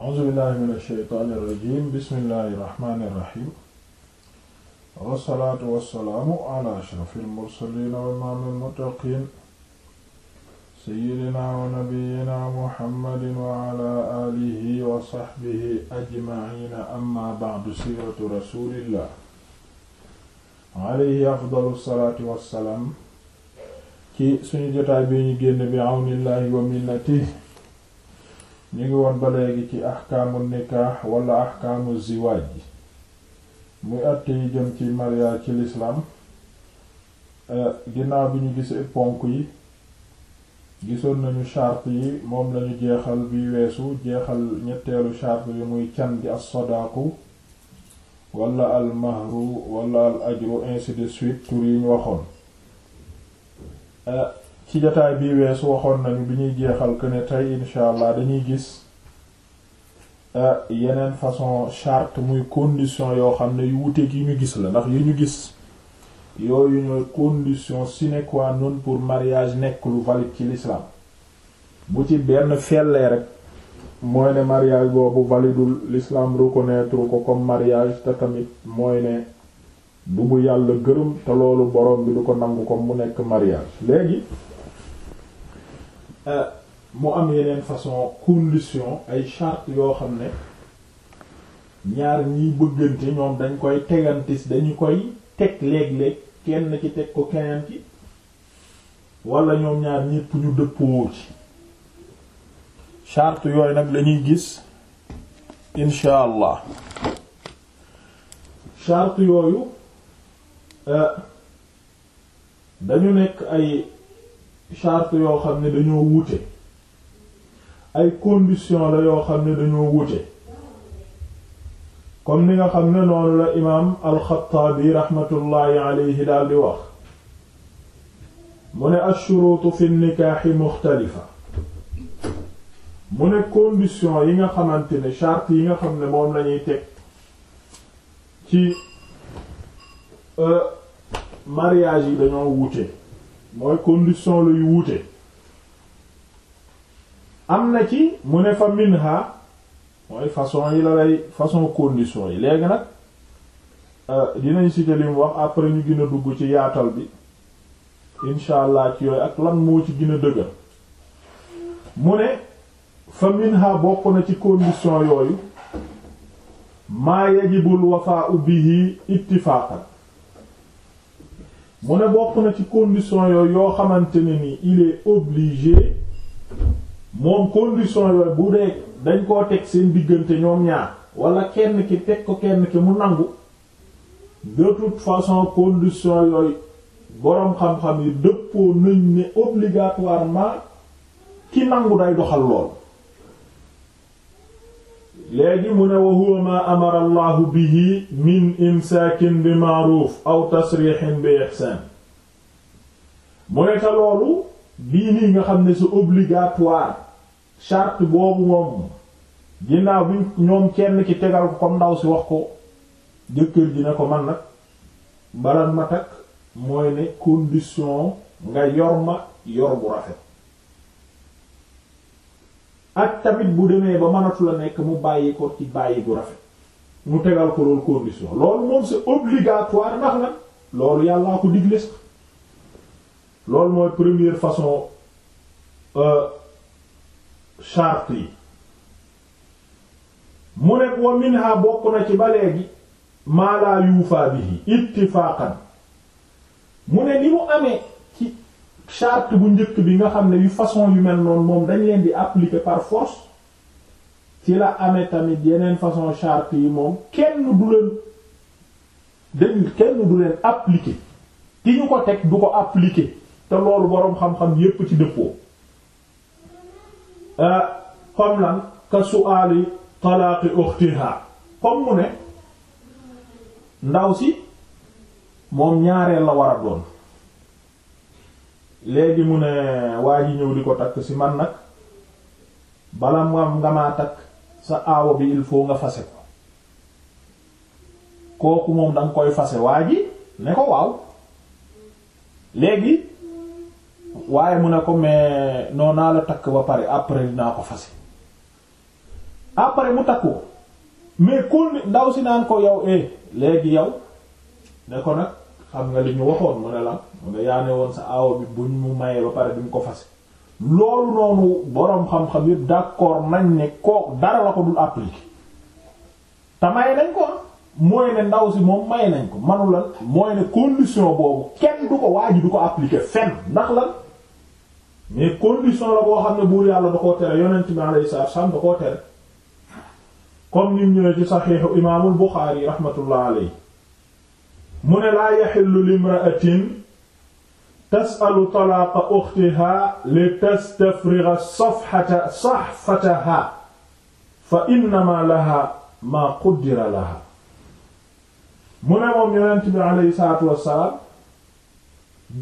a'uuzu billaahi mina shaytaani rajiim bismillaahi rahmaani rahiim wassalaatu wassalaamu alaa ashrafil mursaliin wa imaamil muttaqiin sayyidinaa wa nabiyyinaa muhammadin wa alaa aalihi wa sahbihi ajma'iina ammaa ba'du siiratu rasuulillah alayhi afdalu salaatu wassalaam ci suñu jotaay bi ñu génn bi awnillaahi wa minnatihi ñu ngi woon ba léegi ci axkaamu nikaax wala axkaamu ziwaaj ji muy àtte yi jëm ci mariage ci lislaam eh, ginnaaw bi ñu gis ponk yi gisoon nañu charte yi moom lañu jeexal bi weesu jeexal ñetteelu charte yi muy can gi as-sadaqu wala al al ajru ainsi suite tur yi ñu waxoon eh, ci jotaay bii weesu waxoon nañu bi ñuy jeexal que ne tey insha allah dañuy gis euh, yeneen façon chart muy condition yoo xam ne yu wuteeg yi ñu gis la ndax yu ñu gis yooyu ñooy condition sine qua non pour mariage nekk lu valide ci l'islam bu ci benn fellee rek mooy ne mariage boobu validul l'islam reconnaître ko comme mariage te tamit mooy ne du bu yàlla gërëm te loolu borom bi du ko nangu comme mu nekk mariage léegi Euh, mu amee yeneen façon condition ay charte yoo xam ne ñaar ñiy bëggante ñoom dañ koy tegantis dañu koy teg léeg-léeg kenn ci teg ko keneen ci wala ñoom ñaar ñépp ñu dëppoo ci charte yooyu nag lañuy gis incha allah charte yooyu euh, dañu nekk ay charte yoo xam ne dañoo wuute ay condition la yoo xam ne dañoo wuute comme ni nga xam ne noonu la imaam alxataabi raxmatullaahi alayhi daal di wax mu ne ashuruutu fi nikaaxi muxtalifa mu ne condition yi nga xamante ne charte yi nga xam ne moom lañuy teg ci euh, mariage yi dañoo wuute mooy condition la yu wuute am na ci mu ne fa minha mooy façon yi la lay façon condition yi léegi nag euh, dinañ citer mu wax après ñu gën a dugg ci yaatal bi incha allah ci yooyu ak lan moo ci gën a dëgër mu ne fa minha bokk na ci condition yooyu maa yajibul wafaa bihi ittifaqan mu ne bokk na ci condition yooyu yoo xamante ne ni il est obligé moom condition yooyu bu dee dañ koo teg seen diggante ñoom ñaar wala kenn ki teg ko kenn ki mu nangu de toute façon condition yooyu boroom xam-xam yi dëppoo nañ ni obligatoirement ki nangu day doxal lool léegi mu ne wa huwa ma amara allahu bihi min imsaakin bi ma'ruf aw tasrixin bi ihsan mu ne te loolu bii nii nga xam ne c'est obligatoire charte boobu moom ginnaaw bi ñoom kenn ci tegal ko comme ndaw si wax ko jëkkër ji ne ko man nag balan ma takk mooy ne condition nga yor ma yor bu rafet ak tamit bu demee ba mënatu nekk mu bàyyi ko ci bàyyi gu rafet mu tegal ko loolu condition loolu moom c'est obligatoire ndax nag loolu yàllaa ko digle loolu mooy première façon euh, charte yi mu nekk wa minha bokk na ci ba léegi maa laa yuufaa bihi ittifaaqan mu ne li mu amee charte bu njëkk bi nga xam ne yu façon yu mel noonu moom dañ leen di appliquer par force ci la amee tamit yeneen façon charte yi moom kenn du leen dañ kenn du leen appliquer ki ñu ko teg du ko appliquer te loolu boroom xam-xam yépp ci dëppoo euh, comme lan ka su'aali talaaqi uxtiha comme mu ne ndaw si moom ñaareel la war a doon léegi mu ne waa yi ñëw di ko takk si man nag bala moom nga maa takk sa aawo bi il faut nga fase ko kooku moom danga koy fase waa ji ne ko waaw léegi waaye mu ne ko mais non naa la takk ba pare après dinaa ko fase après mu takk ko mais kon ndaw si naan ko yow eh, léegi yow ne ko nag xam nga li ñu waxoon mu ne la mu nga yaane woon sa aawa bi buñ mu mayee ba pare bi mu ko fase loolu noonu boroom xam-xam yépp d'accord nañ ne koo dara la ko dul appliquer te nañ ko mooy ne ndaw si moom may nañ ko manu lan mooy ne condition boobu kenn du ko waa du ko appliquer fenn ndax la mais condition la boo xam ne buur yàlla da koo tere yonent bi alayhi salaatu koo tere comme nim ñëwee ci saxiixu imaamul Buxaari rahmatullah alayhi mu ne laa yaxillu limra'atin tasalu talaaqa uxtihaa li tastafriga safhata sahfatahaa fa innamaa lahaa maa quddira lahaa mu ne moom yonent bi alayhi salaatu wassalaam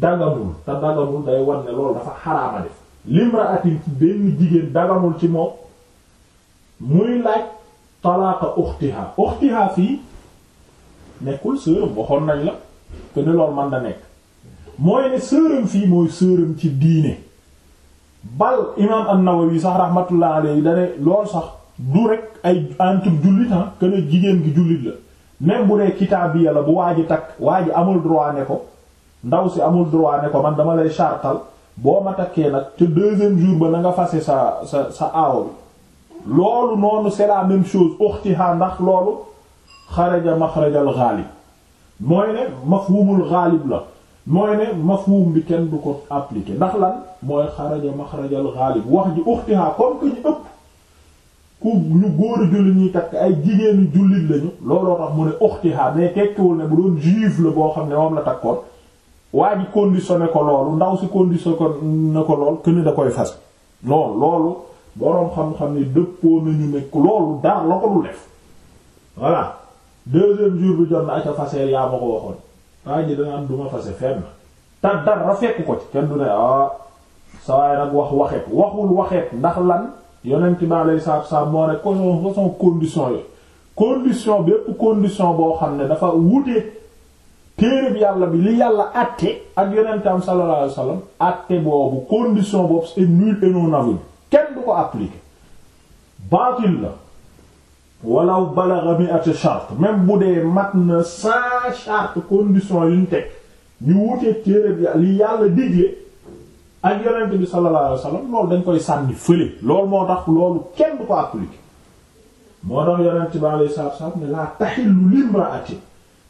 daganul te daganul day war ne loolu dafa xaraama def limraatin ci benn jigéen daganul ci moom muy laaj talaaqa uxtihaa uxtihaa fii nekkul sœur waxoon nañ la te ni loolu mën na nekk mooy ne sëram fii mooy sëram ci diine bal imaam an-Nawawi sax rahmatullah alayhi dane lool sax du rek ay entre jullit ah que ne jigéen gi jullit la même bu dee kitaabiya la bu waa ji takk waa ji amul droit ko ndaw si amul droit ko man dama lay chartal boo ma takkee nag te deuxième jour ba na nga fase sa sa sa aaw bi loolu noonu c'est la même chose uxtiha ndax loolu xaraja maxrajal ghalib mooy ne mafhumul ghalib la mooy ne mafhum bi kenn du ko appliquer ndax lan mooy xaraja maxrajal ghalib wax ji uxtiha comme que ñu ëpp ku ñu góor jullit ñuy takk ay jigéenu jullit lañu looloo tax mu ne uxtiha mais tekkiwul ne bu doon juif la boo xam ne moom la takkoon waa ji conditionné ko loolu ndaw si conditionné ko lool que da koy fas non loolu boroom xam-xam ne dëppoo nañu ne loolu daar la ko lu def voilà deuxième jour bi jot na ak a yaa ma ko waxoon. maa ji danaan duma fase fenn te dara fekk ko ci kenn du ne ah sawaay nag wax waxeet waxul waxeet ndax lan yonent bi alayhi salaatu wasallam moo ne ko condition yi condition bépp condition boo xam ne dafa wute téere bi yàlla bi li yàlla àtte ak yonentam sallallahu alayhi wasallam àtte boobu condition boobu c'est nul et non avenu kenn du ko appliquer baatil la walaw balagha mi'ata charte même bu dee mat na cent charte condition yuñ teg ñu wutee téere bi li yàlla digle ak yonent bi sallallahu alayhi wasallam loolu dañ koy sànni fële loolu moo tax loolu kenn du ko appliquer moo tax yonent bi alayhi salaam ne laa tahillu limra'atin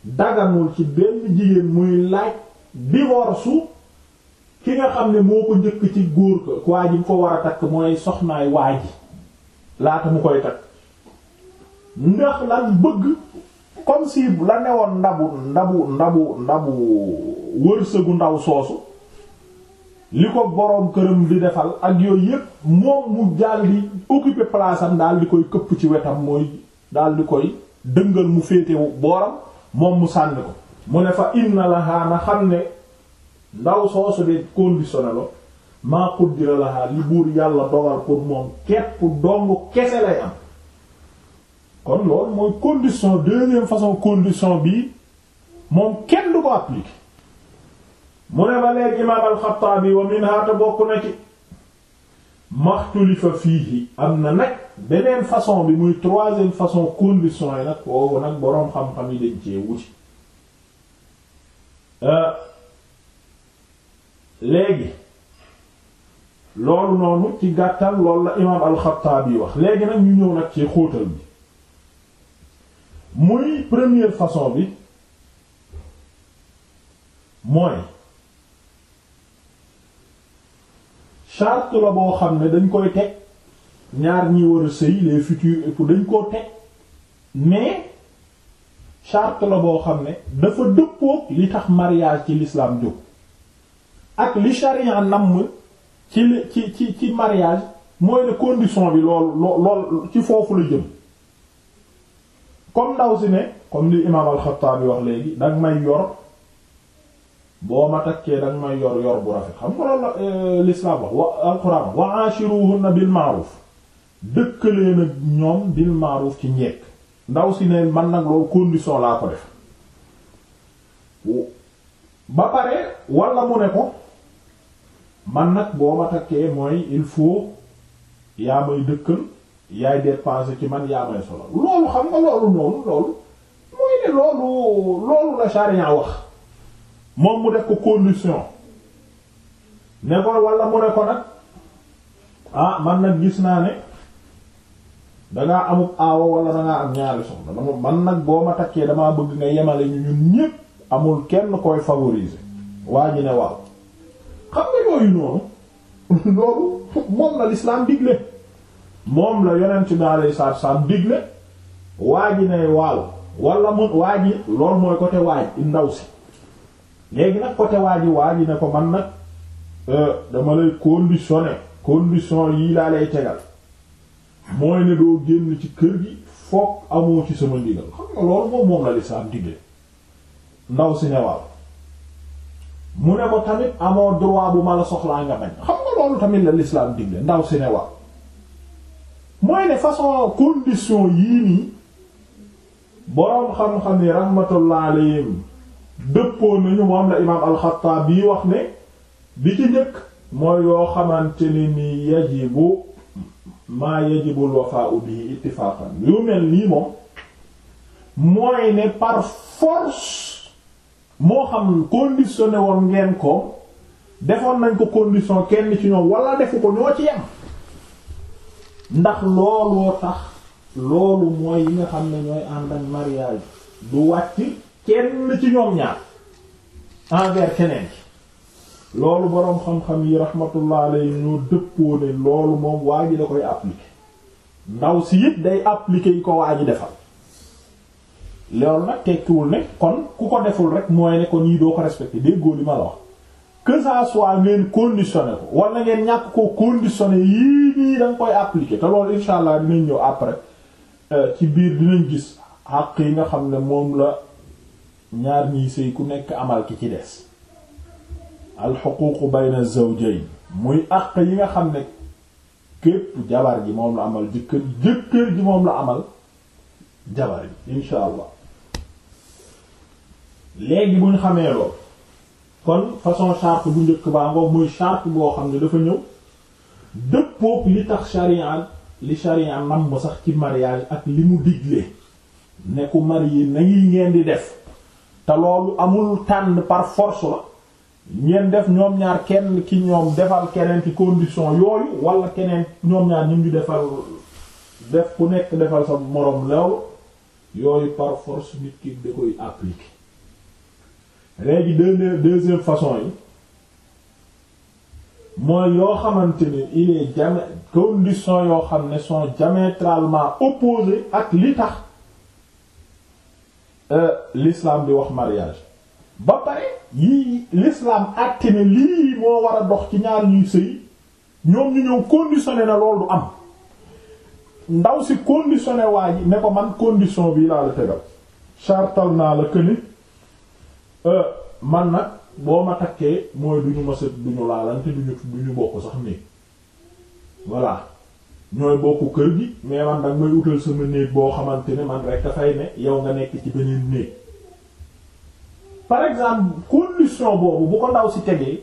daganul ci benn jigéen muy laaj divorce ki nga xam ne moo ko njëkk ci góor ko waa ji mu ko war a takk mooy soxnaay waa ji laata mu koy takk ndax lan bëgg comme si la newoon ndabu ndabu ndabu ndabu wërsëgu ndaw soosu li ko boroom këram di defal ak yooyu yépp moom mu daal di occuper place am koy këpp ci wetam mooy daal di koy dëngal mu féetewu booram moom mu sànni ko mu ne fa inna lahaa na xam ne ndaw soosu de conditionnelo maa quddira lahaa li buur yàlla dogal pour moom képp dong kese lay am kon loolu mooy condition deuxième façon condition bii moom kenn du ko appliquer mu ne ba léegi imaam al-Xattaabi wa minha bokk na ci maxtulifa fiihi am na nag beneen façon bi muy troisième façon condition yi nag woowu nag boroom xam-xam yi dañ cee wuti euh, léegi loolu noonu ci gàttal lool la imaam al wax léegi nag ñu ñëw nag ci xóotal bi muy première façon bi mooy charte la boo xam ne dañ koy teg ñaar ñi war a sëy les futurs époux dañ koo teg mais charte la boo xam ne dafa dëppook li tax mariage ci lislaam jóg ak li charia namm ci ci ci ci mariage mooy ne condition bi lool lool ci foofu la jëm comme ndaw si ne comme li imaam alxataabi wax léegi danga may yor boo ma takkee danga may yor yor bu rafet xam nga loolu euh, lislaam wax wa alxuraan wa ashiruhunna bil ma'ruf dëkkalee nag ñoom bil ma'ruf ci njekk ndaw si ne man nag loolu condition laa ko def ba pare wala mu ne ko man nag boo ma takkee mooy il faut yaa may dëkkal yaay dépensé ci man yaa may solo loolu xam nga loolu loolu loolu la charia wax moom mu def ko condition ne ko mu ne ko nag ah man nag gis naa ne dangaa amub aawa wala dangaa am ñaari soxna dama man nag boo ma takkee damaa bëgg nga yemale ñu ñun ñépp amul kenn koy favoriser waa ji ne waaw xam nga yooyu noonu loolu moom la l'islam digle moom la yonent bi alayhi salaatu wa salaam digle waa ji ne waaw wala mun waa ji loolu mooy côté waaj ndaw si léegi nag côté waa ji waa ji ne ko man nag euh, dama lay conditionné condition yii laa lay tegal mooy ne doo génn ci kër gi foog amoo ci sama ndigal xam nga loolu moom moom la lislaam digle ndaw si ne waaw mu ne ko tamit amoo droit bu ma la soxlaa nga bañ xam nga loolu tamit la lislaam digle ndaw si ne waaw mooy ne façon condition yii nii boroom xam-xam ni rahmatullah dëppoo nañu moom la imaam alxattaab yi wax ne bi ci njëkk mooy yoo xamante ni ni yajibu maa yajibul wafaa'u bihi ittifaaqan yu mel nii moom mooy ne par force moo xam conditionné woon ngeen ko defoon nañ ko condition kenn ci ñoom wala defu ko ñoo ci yem ndax looloo tax loolu mooy yi nga xam ne ñooy ànd ak bu du wàcc kenn ci ñoom ñaar envers keneen loolu boroom xam-xam yi rahmatullah alayhi ñoo dëppoo ne loolu moom waa ji da koy appliquer ndaw si it day appliquer yi ko waa ji defal loolu nag tekkiwul ne kon ku ko deful rek mooy ne kon yi doo ko respecté déggoo li ma la wax que ça soit ngeen conditionné ko wala ngeen ñàkk koo conditionné yii nii da nga koy appliquer te loolu insha allah dinañ ñëw après euh, ci biir dinañ gis àq yi nga xam ne moom la ñaar ñiy sëy ku nekk amal ki ci des al xuquuqu bayna zawjayn muy àq yi nga xam ne képp jabar ji moom la amal jëkkër jëkkër ji moom la amal jabar ji insha allah léegi buñ xamee loolu kon façon charte bu njëkk baa ngoog muy charte boo xam ne dafa ñëw dëppook li tax sharia li sharia nam ba sax ci mariage ak li mu digle ne ku marié nangi ngeen di def te loolu amul tànn par force la ngeen def ñoom ñaar kenn ki ñoom defal keneen ci condition yooyu wala keneen ñoom ñaar ñun ñu defal def ku nekk defal sa moroom lew yooyu par force nit ki da koy appliquer léegi deux deuxième façon yi mooy yoo xamante ne il est jamais yoo xam ne sont diamétralement opposées ak li tax euh, l'islam bi wax mariage ba pare yii l'islam àtte ne lii moo war a dox ci ñaar ñuy sëy ñoom ñu ñëw conditionné na loolu am ndaw si conditionné waa ne ko man condition bii laa la tegal chartal naa la que ni Euh, man nag boo ma takkee mooy du ñu masa du laalante du ñu bokk sax néeg voilà ñooy bokk kër gi mais man nag may utal sama néeg boo xamante ne man rek dafay ne yow nga nekk ci beneen néeg par exemple condition boobu bu ko ndaw si tegee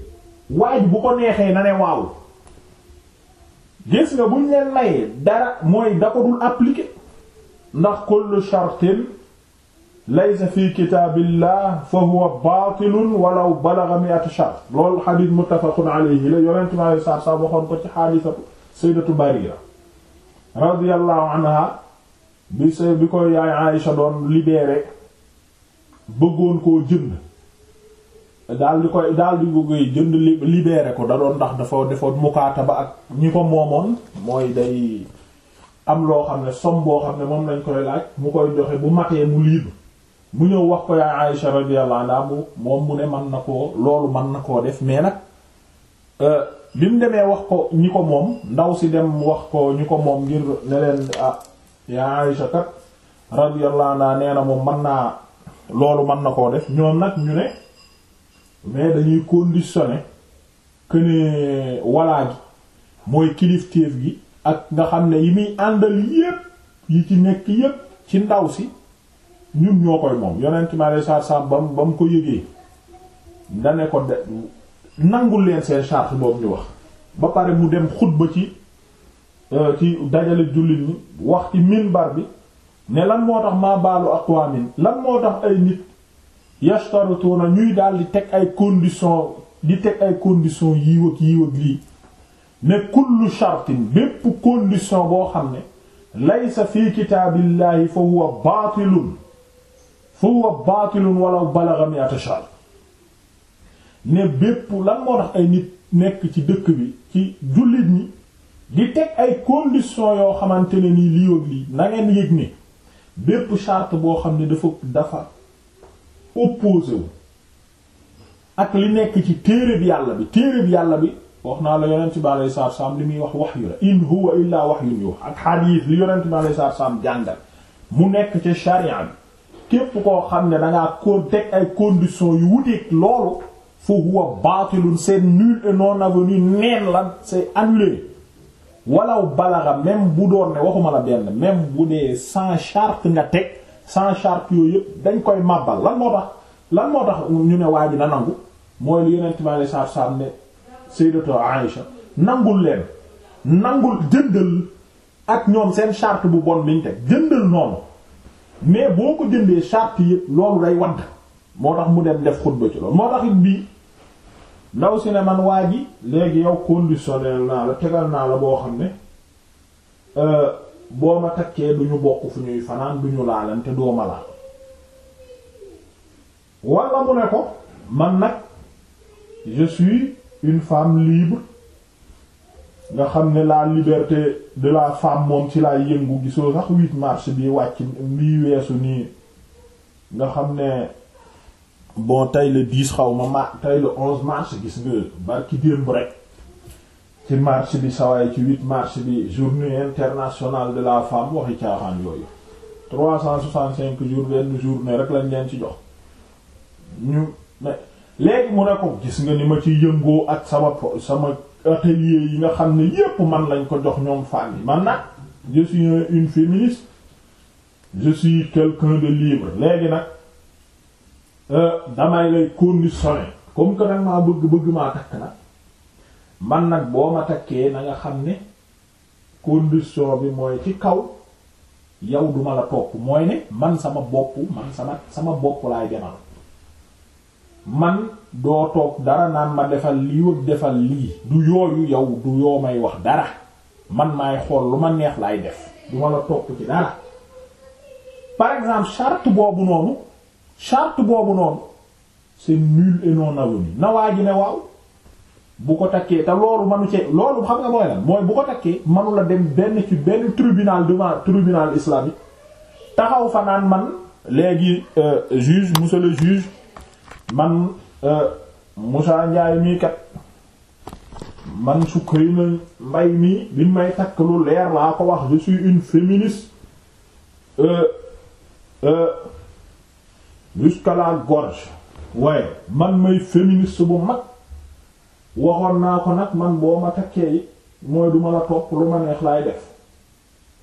waaj bu ko neexee na ne waaw gis nga buñ leen mayee dara mooy da ko dul appliquer ndax kullu laysa fi kitaabillah fa huwa baatilun walaw balagha mi'ata shar loolu xadiis muttafaqun alayhi la yonent mi alayhi salaatu ko ci xaadisatu sayyidatu Barira radiyallahu anha bi say bi koy yaay Aïsha doon libéré bëggoon koo jënd daal di koy daal di koy jënd libéré ko da doon ndax dafa defoon mukaataba ak ñi ko moomoon mooy day am loo xam ne somme boo xam ne moom lañ koy laaj mu koy joxe bu matee mu libre mu ñëw wax ko yaa Aïsha radiyallahu anha moom mu ne man na koo loolu man na koo def mais nag euh, bi mu demee wax ko ñi ko moom ndaw si dem wax ko ñi ko moom ngir ne leen ah yaay Aïsha kat nee na moom man naa loolu man na koo def ñoom nag ñu ne mais dañuy conditionné que ne walaa gi mooy kilifteef gi ak nga xam ne yi muy àndal yépp yi ci nekk yépp ci ndaw si ñun ñoo koy moom yonent mi alayhi salaatu salaam ba mu ba mu ko yëgee da ne ko de nangu leen seen charte boobu ñu wax ba pare mu dem xutba ci euh, ci dajale jullit ñi wax ci minbar bi ne lan moo tax maa baalu aqwaamin lan moo tax ay nit yashtarituuna ñuy daal di teg ay condition di teg ay condition yiiw ak yiiw ak lii ne kullu shartin bépp condition boo xam ne laysa fi kitaabillahi fa huwa baatilun huwa baatilun walaw balagha mi'ata shahr ne bépp lan moo tax ay nit nekk ci dëkk bi ci jullit ñi di teg ay conditions yoo xamante ne nii lii ak na ngeen yëg ne bépp charte boo xam ne dafa dafa opposé ak li nekk ci téere yàlla bi téere yàlla bi wax naa la yonent bi alayhi salaatu salaam li muy wax wahyu la in huwa illaa wahyun yuuhaa ak xadiis li yonent bi alayhi salaatu salaam jàngal mu nekk ca sharia bi képp koo xam ne dangaa kon teg ay conditions yu wuteeg loolu fa huwa baatilun c'est nul et non avenu neen la c'est annulé walaw balaxa même bu doon ne waxuma la benn même bu dee sans charte nga teg sans charte yooyu yëpp dañ koy màbbal lan moo tax lan moo tax ñu ne waa ji na nangu mooy li yeneen timaale saab saab ne leen nangul jëndal ak ñoom seen charte bu bon biñ teg jëndal noonu mais boo ko jëndee charte yëpp loolu day wadd moo tax mu dem def xutba ci loolu moo tax it bii ndaw si waa ji léegi yow conditionnel naa la tegal naa la boo xam ne euh, boo ma takkee du ñu bokk fu ñuy fanaan du ñu laalante dooma la walla mu ne ko man nag je une femme libre nga xam ne la liberté de la femme moom ci laa yëngu gisoo sax 8 mars bi wàcc mbii weesu nii nga xam ne bon tey la 10 xaw ma ma tey le 11 mars gis nga barki démb rek ci mars bi sawaay ci 8 mars bi journée internationale de la femme waxi caaxaan yooyu 365 jours benn journée rek lañ leen ci jox ñu léegi mu ne ko gis nga ni ma ci yëngoo ak sama sama atelier yi nga xam ne yépp man lañ ko jox ñoom fànn man nag je suis une féministe je quelqu'un de libre léegi nag euh, damay lay conditionner comme que nag bëgg bëgg maa takk nag man nag boo ma takkee na nga xam ne condition bi mooy ci kaw yow duma la topp mooy ne man sama bopp man sama sama bopp laay demal man doo toog dara naan ma defal lii defal lii du yooyu yow du yoo may wax dara man maay xool lu ma neex laay def du ma la topp ci dara par exemple charte boobu noonu charte boobu noonu c'est nul et non avenu na waa ji ne waaw bu ko takkee te loolu manu ci loolu xam nga mooy lan mooy bu ko takkee manu la dem benn ci benn tribunal devant tribunal islamique taxaw fa naan man léegi euh, juge monsieur juge man euh, musaa Ndiaye mii kat man Soukaina Mbaye mii bi may takk lu leer laa ko wax je suis une féministe euh, euh, jusqu'à la gorge waaye man may féministe bu mag waxoon naa ko nag man boo ma takkee yi mooy duma la topp lu ma neex laay def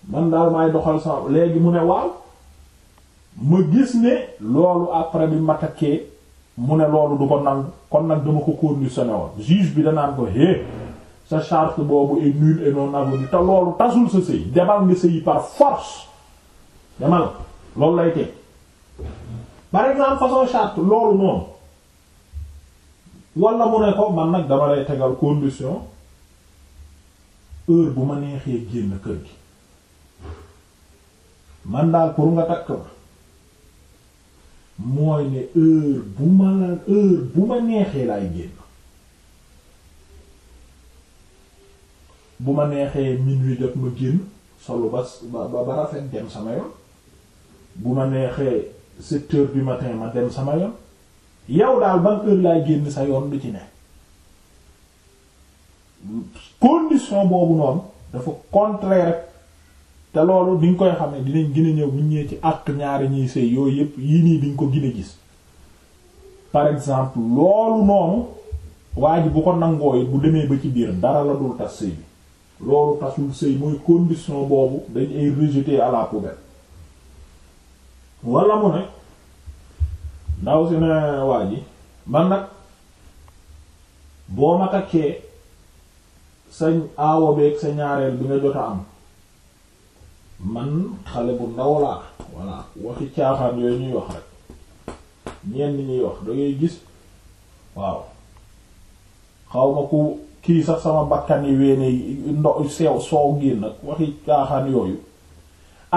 man daal may doxal sa léegi mu ne waaw ma gis ne loolu après bi ma takkee mu ne loolu du ko nangu kon nag dama ko conditionné woon juge bi danaan ko hé sa charte boobu est nulle et non avenue te loolu tasul sa sëy demal nga sëyi par force demal loolu lay teg par exemple façon charte loolu noonu wala mu ne ko man nag dama lay tegal condition heure bu ma neexee génn kër gi man daal pour nga takk ma mooy ne heure bu ma la heure bu ma neexee laay génn bu ma neexee minuit jot ma génn solo ba ba ba rafet dem sama yoon bu ma neexee sept heures du matin ma dem sama yoon yow daal ban heure laay génn sa yoon lu ci ne condition boobu noonu dafa contraire te loolu diñ koy xam ne dinañ gën a ñëw buñ ci àq ñaari ñuy sëy yooyu yépp yii nii diñ ko gën gis par exemple loolu noonu waa bu ko nangoo bu demee ba ci biir dara la dul tas sëy bi loolu tasul sëy mooy condition boobu dañ ay rejeté à la poubelle mu ne ndaw si ne waa ji man nag boo ma takkee sañ aawo beeg sa ñaareel bi nga jot a am man xale bu ndaw laa voilà waxi caaxaan yooyu ñuy wax rek ñenn ñuy wax dangay gis waaw xaw ma ku kii sax sama bakkan yi weene ndo sew soow génn nag waxi caaxaan yooyu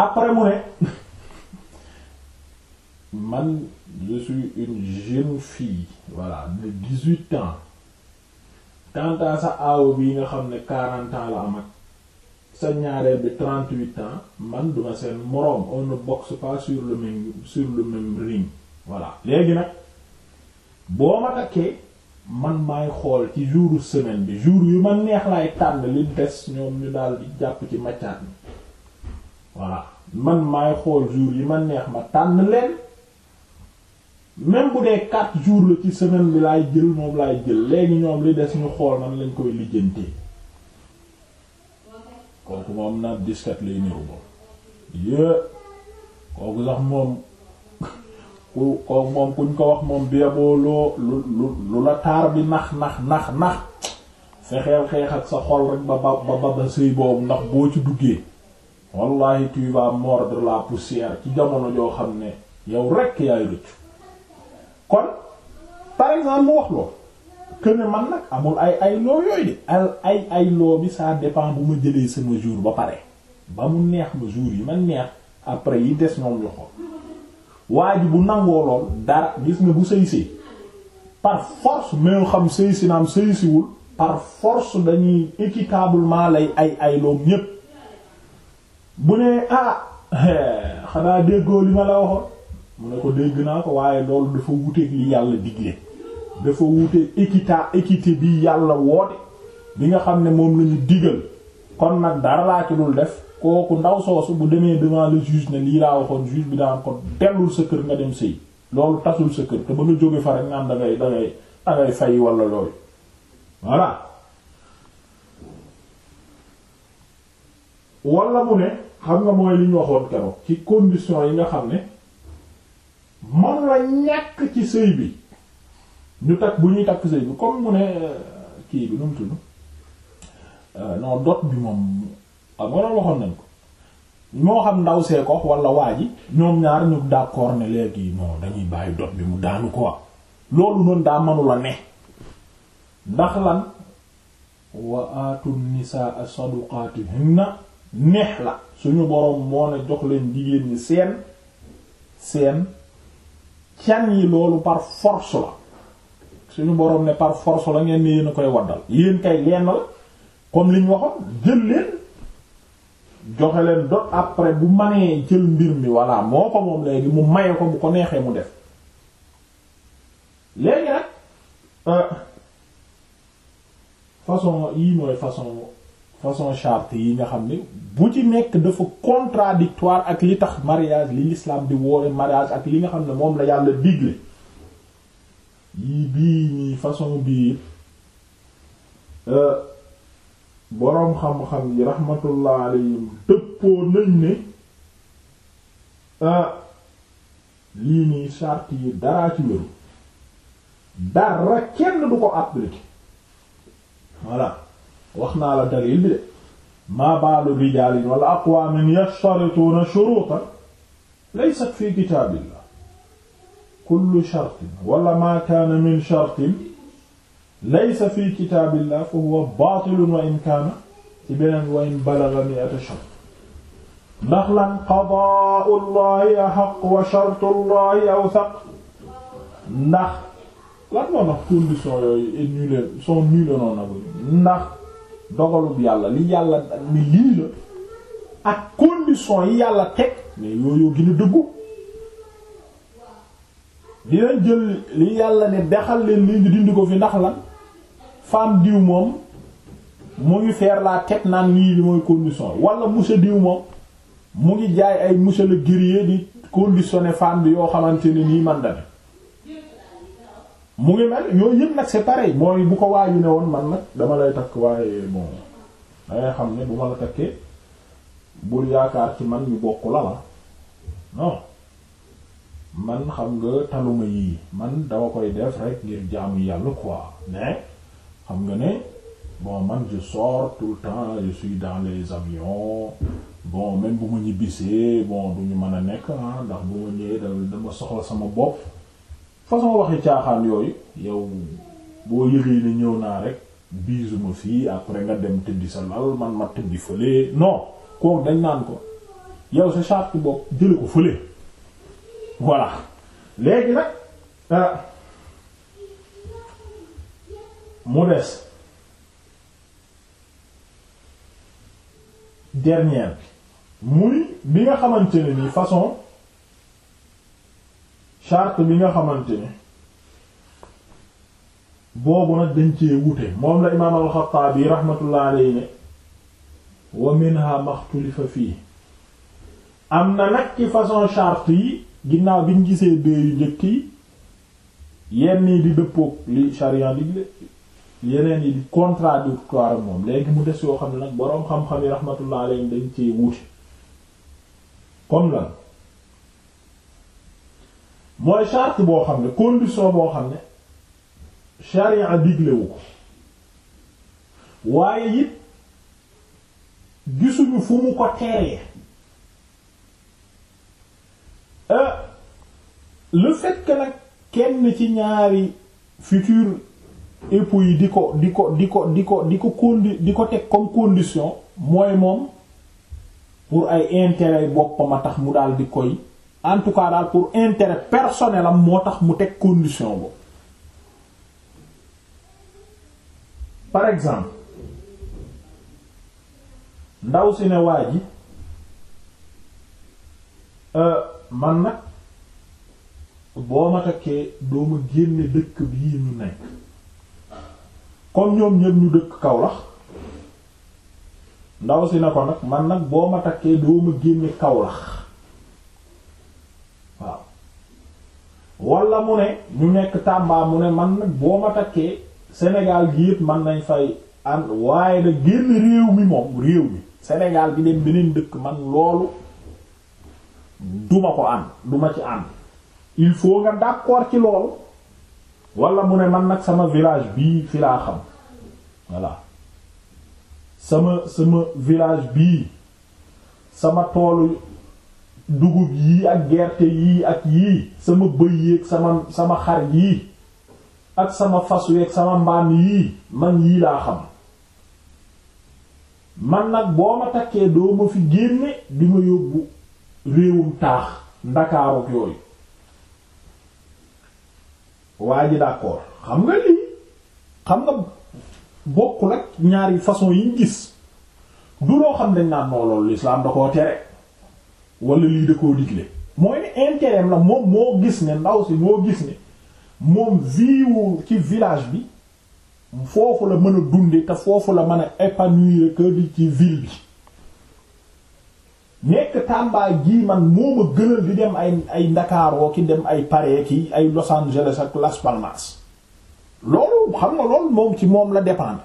après mu ne man je une jeune fille voilà de dix-huit ans tant à sa aaw bii nga xam ne quarante ans la am ak sa ñaareel bi trente-huit ans man duma seen moroom on ne boxe pas sur le même sur le même ring voilà léegi nag boo ma takkee man maay xool ci jouru semaine bi jour yu ma neex laay tànn li des ñoom ñu daal jàpp ci maccaat mi voilà man maay xool jour yi ma neex ma tànn leen même bu dee quatre jours la ci semaine bi laay jël moom laay jël léegi ñoom li des ñu xool man lañ koy lijjantee kooku moom naat diskat lay niru moom yée kooku sax moom ku kooku moom kuñ ko wax moom beeboo loo lu lu la taar bi nax nax nax nax fexeel xeex ak sa xol rek ba ba ba ba sëy boobu ndax boo ci duggee wallahi tu vas mordre la poussière ci jamono joo xam ne yow rekk yaay rëccu kon par exemple mu wax loolu que ne man nag amul ay ay loo de ay ay bi ça dépend bu ma jëlee sama jour ba pare ba mu neex ma jour yi man neex après yi des ñoom la ko bu nangoo lool dara gis nga bu sëy si par force même xam sëy si naam sëy siwul par force dañuy équitablement lay ay ay loom bu ne ah xanaa déggoo li ma la waxoon mu ne ko dégg naa ko waaye loolu dafa wuteeg li yàlla digle dafa wuute équita équité bi yàlla woote bi nga xam ne moom la ñu kon nag dara laa ci dul def kooku ndaw soosu bu demee devant le juge ne lii laa waxoon juge bi daan ko dellul sa kër nga dem sëy loolu tasul sa kër te ba nga jóge fa rek naan da ngay da ngay wala loolu voilà mu ne xam nga mooy li ñu waxoon keroog ci condition yi nga xam ne man la ñàkk ci sëy bi ñu takk bu ñuy takk sëy bi comme mu ne euh, kii bi nu mu tudd euh, non dot bi moom xam nga loolu waxoon nañ ko moo xam ndaw see ko wala waa ñoom ñaar ñu d'accord ne léegi non dañuy bàyyi dot bi mu daanu quoi loolu noonu daa manula ne ndax lan wa aatu nisaa saduqaatihinna neex la suñu boroom moo ne jox leen jigéen ñi seen seen can yi loolu par force la suñu boroom ne par force la ngeen ne yéen a koy waddal yéen kay lenn la comme liñ waxoon jël leen joxe leen dot après bu manee jël mbir mi voilà moo ko moom léegi mu maye ko bu ko neexee mu def léegi nag euh, façon yii mooy façon façon charte yi nga xam ne bu ci nekk dafa contradictoire ak li tax mariage li l'islam di woowe mariage ak li nga xam ne moom la yàlla digle yii bii nii façon bii euh, boroom xam-xam yi rahmatullah alayhim dëppoo nañ ne euh, lii nii charte yi daraa ci wéru dara kenn du ko appliquer voilà wax naa la dalil bi de maa baalu rijaalin wala aqwaamin yashtarituuna shuruutan laysat fi kitaabillah kullu shartin wala maa kaana min shartin laysa fi kitaabillah fa huwa baatilun wa in kaana ci beneen wa in balagha mi'ata shart ndax lan qadaa'u llahi ahaq wa shartu llahi awthaq ndax lan moo ndax condition yooyu nul sont nuls non avenu ndax dogalub yàlla li yàlla ni lii la ak condition yi yàlla teg mais yooyu gën a dëggu dinañ jël li yàlla ne dexal leen li ñu dindi ko fi ndax la femme diw moom mu ngi faire la tête naan lii li mooy condition wala monsieur diw moom mu ngi jaay ay monsieur le guerrier di conditionner femme bi yoo xamante ni nii man da mu ngi mel yooyu yëpp nag c'est pareil mooy bu ko waaju ne woon man nag dama lay takk waaye bon da xam ne bu ma la takkee bul yaakaar ci man ñu bokk la la non. man xam nga taluma yii man dama koy def rek ngir jaamu yàlla quoi mais xam nga ne bon man je sors tout le temps je suis dans les avions bon même bu ma ñibbisee bon ñu mën a nekk ah ndax bu ma ñëwee dama soxla sama bopp façon waxi caaxaan yooyu yow boo yëgee ne ñëw naa rek biisuma fii après nga dem tëddi sa lal man ma tëddi fële non kooku dañ naan ko yow sa charte bopp jële ko fële voilà léegi nag euh, mu des dernière muy bi nga xamante ne nii façon charte bi nga xamante boobu nag dañ cee wute moom la imaam al-Xattaabi rahmatullah alayhi ne wa minha maxtulifa fii am na nag façon charte yi ginnaaw bi ñu gisee deux yu njëkk yi yenn yi di dëppook li sharia digle yeneen yi di contradictoire moom mu des yoo xam ne nag boroom xam-xam yi rahmatullah alayhi dañ ci wuute comme lan mooy charte boo xam ne condition boo xam ne sharia diglewu ko waaye it gisuñu fu mu ko teree le fait nag kenn ci ñaari futur époux yi di ko di ko di ko di ko di ko condi di ko teg comme condition mooy moom pour ay intérêt boppam a tax mu daal di koy en tout cas daal pour intérêt personnel am moo tax mu teg condition boobu par exemple ndaw si ne waa ji euh, man nag boo ma takkee doo ma génne dëkk bii ñu nekk comme ñoom ñëpp ñu dëkk Kaolack ndaw si na ko nag man nag boo ma takkee doo ma génne Kaolack waaw wala mu ne ñu nekk Tamba mu ne man nag boo ma takkee senegaal gi man nañ fay ànd waaye da génn réew mi moom réew mi Sénégal bi dem beneen dëkk man loolu duma ko ànd duma ci ànd il faut nga d'accord ci loolu wala mu ne man nag sama village bii fi laa xam voilà sama sama village bii sama toolu dugub yii ak gerte yii ak yii sama bëy yeeg sama sama xar yii ak sama fas yeeg sama mbaam yii man yii laa xam man nag boo ma takkee doo ma fi génne di ma yóbbu réewum taax ndakaaru yooyu waa ji xam nga lii xam nga bokkul ak ñaari façon yiñ gis du loo xam ne naan noo loolu l'islam da koo tere wala lii da koo digle mooy ne intérêt la moom moo gis ne ndaw si moo gis ne moom viwu ci village bi foofu la mën a dunde te foofu la mën a épanouir que di ci ville bi nekk Tamba gii man moo ma gënal di dem ay ay Ndakaaroo ki dem ay Paris ki ay Los Angeles ak Las Palmas loolu xam nga loolu moom ci moom la dépendre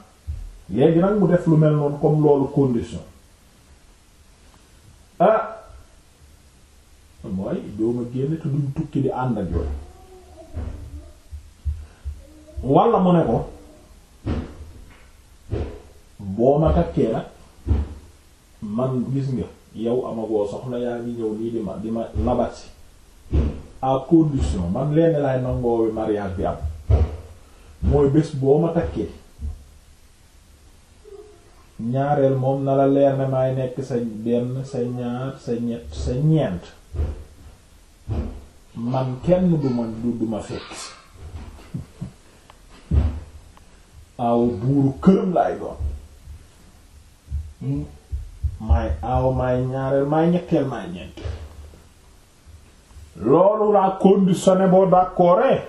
léegi nag mu def lu mel noonu comme loolu condition ah mooy doo ma génn te duñ tukki di ànd ak yooyu walla mu ne ko boo ma takkee nag man gis nga. yow amagoo soxna yaa ngi ñëw nii di ma di ma labat si condition man lenn laay nangoowi mariage bi am mooy bés boo ma takkee ñaareel moom na la leer ne maay nekk sa benn sa ñaar sa ñett sa ñeent man kenn du ma du du ma fekk aw buuru këram laay doon maay aaw maay ñaareel maay ñetteel maay ñeent loolu laa conditionné boo d'accordee eh?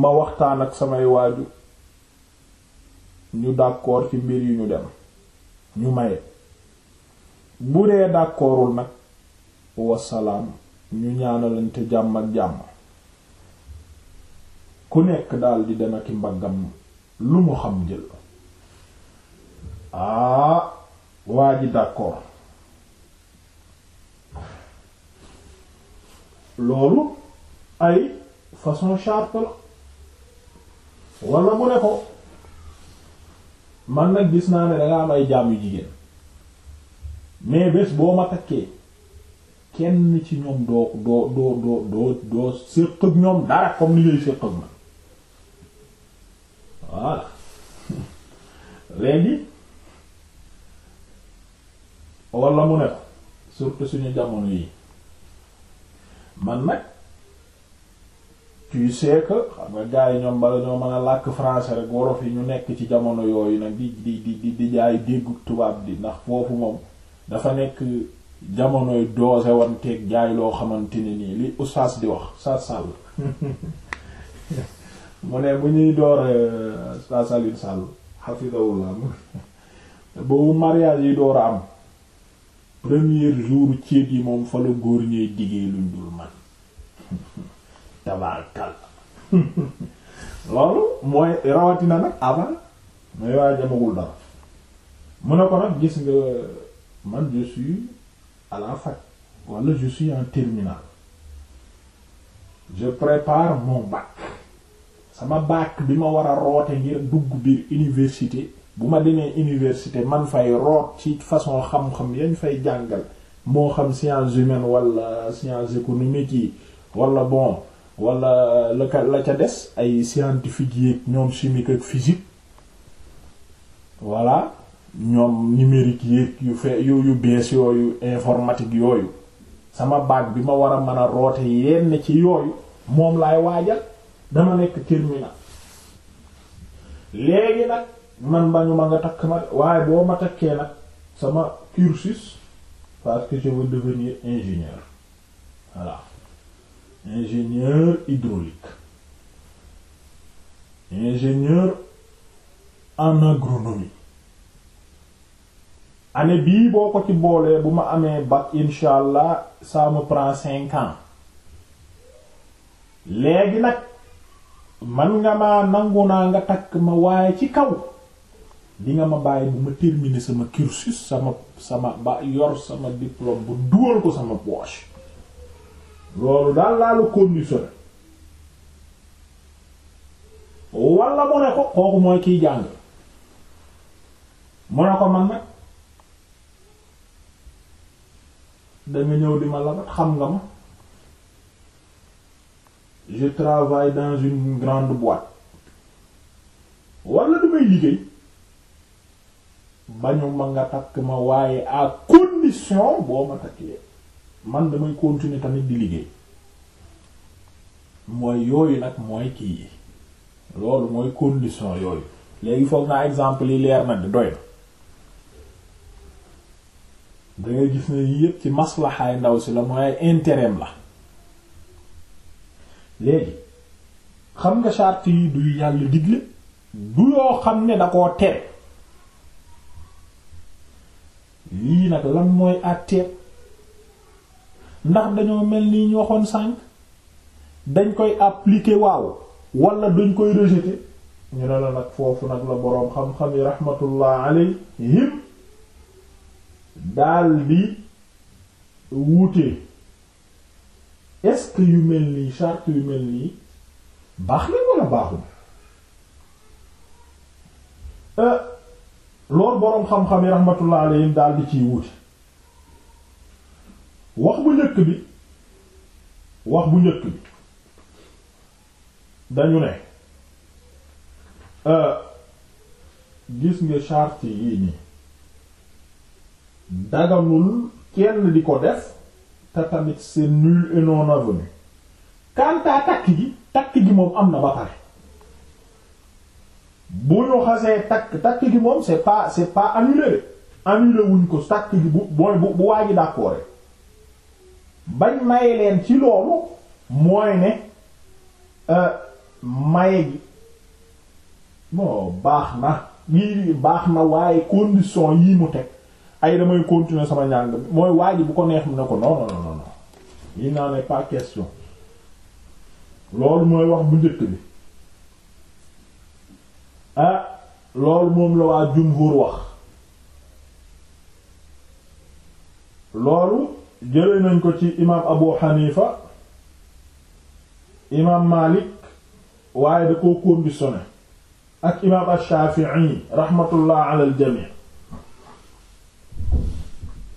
ma waxtaan ak samay waaju ñu d'accord ci mbir yu ñu dem ñu maye bu dee d'accordul nag wasalaam ñu ñaanalante jàmm ak jàmm ku nekk daal di dem ak mbaggam lu mu xam jël ah waa ji d'accord loolu ay façon charte walla wala mu ne ko man nag gis naa ne danga am ay jaam jigéen mais bés boo ma takkee kenn ci ñoom doo doo doo doo doo doo séq ak ñoom dara comme ni ngay séq ak ma voilà léegi wala mu ne ko surtout suñu jamono yi man nag tu sais xam nga gars yi ñoom bala ñoo mën a làkk français rek wolof yi ñu nekk ci jamono yooyu nag di di di di jaay déggu tubaab di ndax foofu moom dafa nekk jamonoy doose wanteeg jaay loo xamante ne nii li oustaz di wax oustaz Sall mu ne bu ñuy door euh, oustaz Alioune Sall hafizahullah boobu mariage yi door a am premier jour céet yi moom fa góor ñee diggee luñ dul man tabarkal loolu mooy rawatina nag avant mooy waaye dara mu ne ko nag gis nga man je suis à la fac wala je suis en je prépare mon bac sama bac bi ma war a roote ngir dugg biir université bu ma demee université man fay root ci façon xam-xam yañ fay jàngal moo xam sciences humaines wala sciences économiques yi wala bon wala la ca la ca des ay scientifique yeeg ñoom chimique ak physique voilà ñoom numérique yeeg yu fe yu yu bees yooyu informatique yooyu sama baat bi ma war a mën a roote yenn ci yooyu moom laay waajal dama nekk terminal léegi nag man bañu ma nga takk ma waaye boo ma takkee nag sama cursus parce que je veux devenir ingénieur voilà ingénieur hydraulique ingénieur en agronomie année bii boo ko ci boolee bu ma amee bac insha allah ça prend cinq ans léegi nag man nga maa nangu naa nga takk ma waaye ci kaw di ma bàyyi bu ma terminer sama cursus sama sama ba yor sama diplôme bu dugal ko sama poche loolu daal laa la conditionné wala mu ne ko kooku mooy kiy jàng mu ne ko man nag danga ñëw di ma labat xam nga ma je travaille dans une grande boîte wala damay liggéey bañuma nga takk ma waaye à condition boo ma takkee man damay continuer tamit di liggéey mooy yooyu nag mooy kii yi loolu mooy condition yooyu léegi foog naa exemple yi leer na di doy na dangay gis ne yépp ci maslaxaay ndaw si la mooy ay intérêt la léegi xam nga charte yi du yàlla digle du yoo xam ne da koo tere lii nag lan mooy àtteeb ndax dañoo mel ni ñu waxoon sànq dañ koy appliquer waaw wala dañ koy rejeter ñu ne la nag foofu nag la boroom xam-xam yi rahmatullah alayhim daal di wuute est yu mel nii charte yu mel nii baax na wala baaxul euh, loolu boroom xam-xam yi rahmatullah alayhim daal di ciy wuute wax bu njëkk bi wax bu njëkk bi dañu ne euh, gis nga charte yii nii daganul kenn di ko def te tamit c'est nul et non avenu takk gi takk gi moom am na ba pare bu ñu xasee takk takk gi moom c'est pas c'est pas annulé annulé ko takk gi bu mooy bu bu waa ji d'accord bañ maye leen ci loolu mooy ne euh, maye gi bon baax na lii baax na waaye condition yii mu teg ay damay continuer sama njàng mooy waa ji bu ko neex mu ne ko non non non non il n'en est pas question loolu mooy wax bu njëkk bi. loolu moom la waa jumhur wax loolu jële nañ ko ci imaam Abu Hanifa imaam Malik waaye da koo conditionné ak imaam Ash-Shafi'i rahmatullah ala al-jami'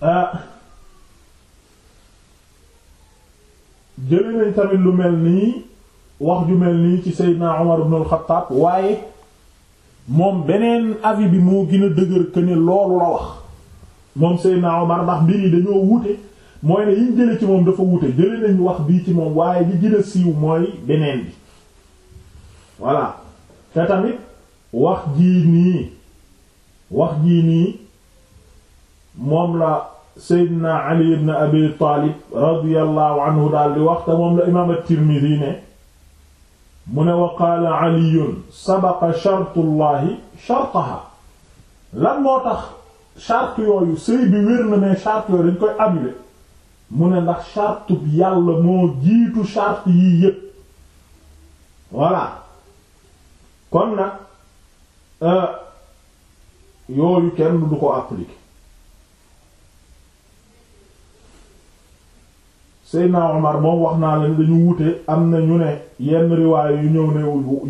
ah tamit lu mel nii wax ju mel nii ci Seydina Umar ibn al waaye moom beneen avis bi moo gën a dëgër que ne loolu la wax moom Seydina Omar ndax mbir yi dañoo wuute mooy ne yiñ jële ci moom dafa wuute jële nañ wax bii ci moom waaye li gën a siiw mooy beneen bi voilà te tamit wax jii nii wax jii nii moom la Seydina Ali ibn Abi Talib radiyallahu anhu daal di wax moom la imaam at ne mu ne wa qaala aliyun sabaqa chartullaahi chartaha lan moo tax charte yooyu sëy bi wér na mais charte yooyu dañ koy annulé mu ne la charte bi yàlla moo jiitu charte yi yépp voilà kon nag euh, yooyu kenn du ko appliquer Seydina Omar moom wax naa leen dañu wute am na ñu ne yenn riwaay yu ñëw ne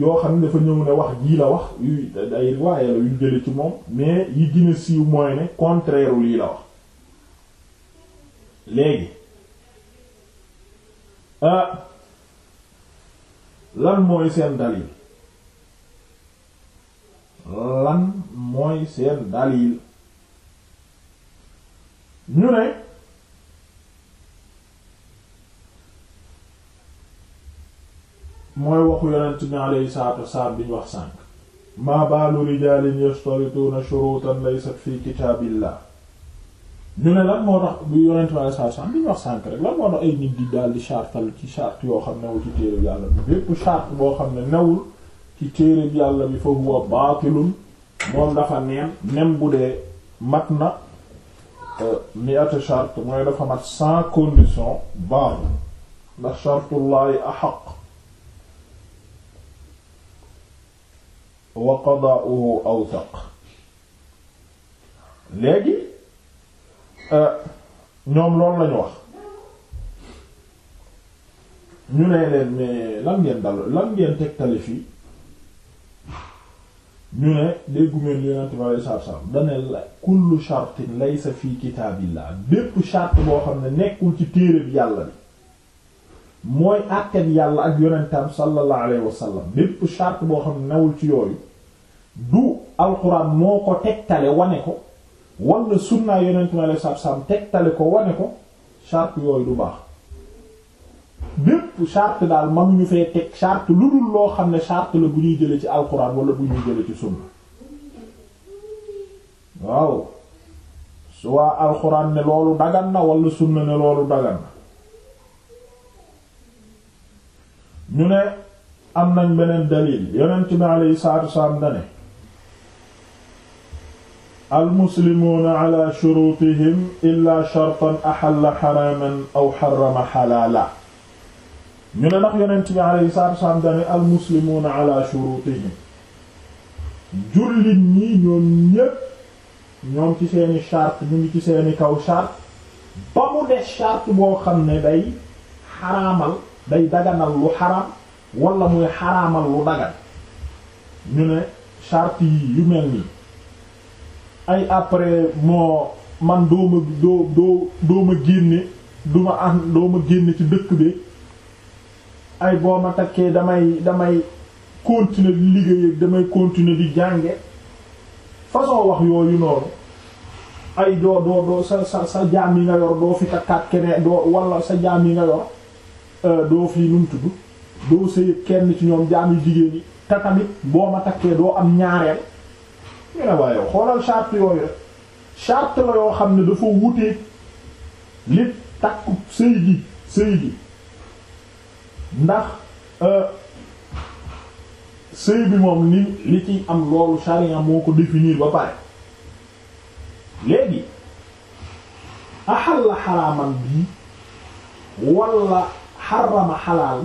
yoo xam ne dafa ñëw ne wax jii la wax yu ay riwaay la yu jële ci moom mais yi gën a siiw mooy ne contraire lii la wax léegi euh, lan mooy seen dalil lan mooy ñu ne mooy waxu yonent bi alayhi salaatu wasalaam bi ñu wax sànk maa baalu rijaalin yashtarituuna shuruutan laysat fi kitaabillah ñu ne lan moo tax bu yonent bi alayhi salaatu wasalaam wax sànk rek lan moo tax ay nit di daal di chartal ci charte yoo xam newul ci téereb yàlla bi bépp charte boo xam ne newul ci téereb yàlla bi fa huwa baatilun moom dafa neen même bu dee mat na euh, miata charte mooy dafa mat sans condition baax ndax chartullahi ahaq wa qadaa'uhu awthaq léegi euh, ñoom loolu lañu wax ñu ne leen mais lan dal lan ngeen tegtale fii ñu ne déggumeen yonente bi alei satu salam dane la kullu shartin laysa fi kitaabillah bépp shart boo xam ne nekkul ci téere yàlla bi mooy àtteeb yàlla ak yonentam sallallahu alayhi wa sallam bépp charte boo xam ne nawul ci yooyu du alxuraan moo ko tegtale wane ko wala sunnaa yonentam alayhi salaam tegtale ko wane ko charte yooyu du baax bépp charte daal ñu fee teg charte lu dul loo xam ne charte la bu ñuy jële ci alxuraan wala bu ñuy jële ci sunna waaw su waa alxuraan ne loolu dagan na wala sunna ne loolu dagan na ñu ne am nañ beneen dalil yonent bi alayhi salaatu wasalaam dane almuslimuuna ala shurutihim illa shartan axalla xaraman aw xarama xalaala ñu ne ndax yonent bi alayhi salaatu wasalaam dane almuslimuuna ala shurutihim jullit ñi ñoom ñépp ñoom ci seeni charte ñu ngi ci seeni kaw charte ba mu des charte boo xam ne day xaraamal day daganal lu xaraam walla muy xaraamal lu dagan ñu ne charte yi yu mel nii ay après moo man doo ma doo doo doo ma génne du ma am doo ma génne ci dëkk bi ay boo ma takkee damay damay continuer di liggéey damay continuer di jànge façon wax yooyu noonu ay doo doo doo sa sa sa jaam yi nga yor doo fi takkaat keneen doo wala sa jaam yi nga yor Euh, doo fii lu tudd doo sëy kenn ci ñoom jaam jigéen yi te tamit boo ma takkee doo am ñaareel ñu ne waaye xoolal charte yooyu rek charte la yoo xam ne dafa wuteeg li takku sëy gi sëy gi ndax euh, sëy bi moom ni li ci am loolu charia moo ko définir ba pare léegi axal la xaraaman bii walla xarama xalaal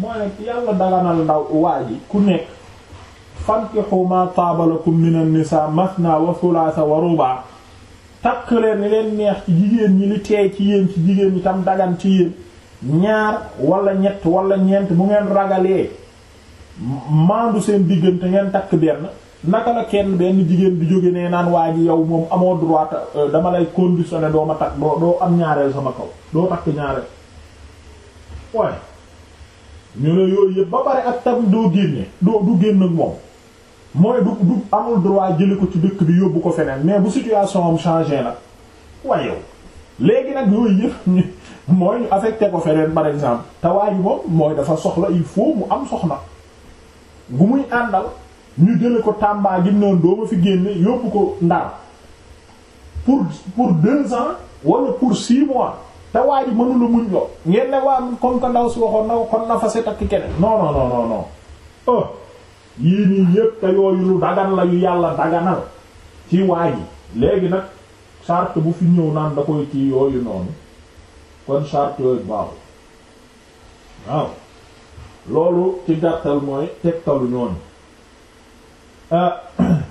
mooy nag yàlla daganal ndaw waa ji ku nekk fankihu ma taaba lakum min an-nisaa masna wa sulaasa wa rubaa takk leen leen neex ci jigéen ñi li teey ci yéen ci jigéen ñi tam dagan ci yéen ñaar wala ñett wala ñeent bu ngeen ragalee maandu seen diggante ngeen takk benn naka la kenn benn jigéen bi jóge nee naan waa ji yow moom amoo droit euh, dama lay conditionné doo ma takk doo doo am ñaareel sama kaw doo takk ñaareel waaye ñu ne yooyu yëpp ba pare ak tamit doo génne doo du génn ak moom mooy du du amul droit jële ko ci dëkk bi yóbbu ko feneen mais bu situation am changé nag waaye yow léegi nag yooyu yëpp mooy ñu affecté ko feneen par exemple te waa moom mooy dafa soxla il faut mu am soxla gu muy àndal ñu jële ko tàmbaa gi noonu doo fi génne yóbbu ko Ndar pour pour deux ans wala pour six mois te waa ji mënula muñ loo ngeen ne waa comme que ndaw si waxoon na kon na fa set keneen non non non non oh, yii nii yépp te yooyu lu dagan la yu yàlla daganal ci waa ji léegi nag charte bu fi ñëw naan da koy ci yooyu noonu kon charte yooyu baaxul waaw loolu ci gàttal mooy tegtalu ñoonu ah,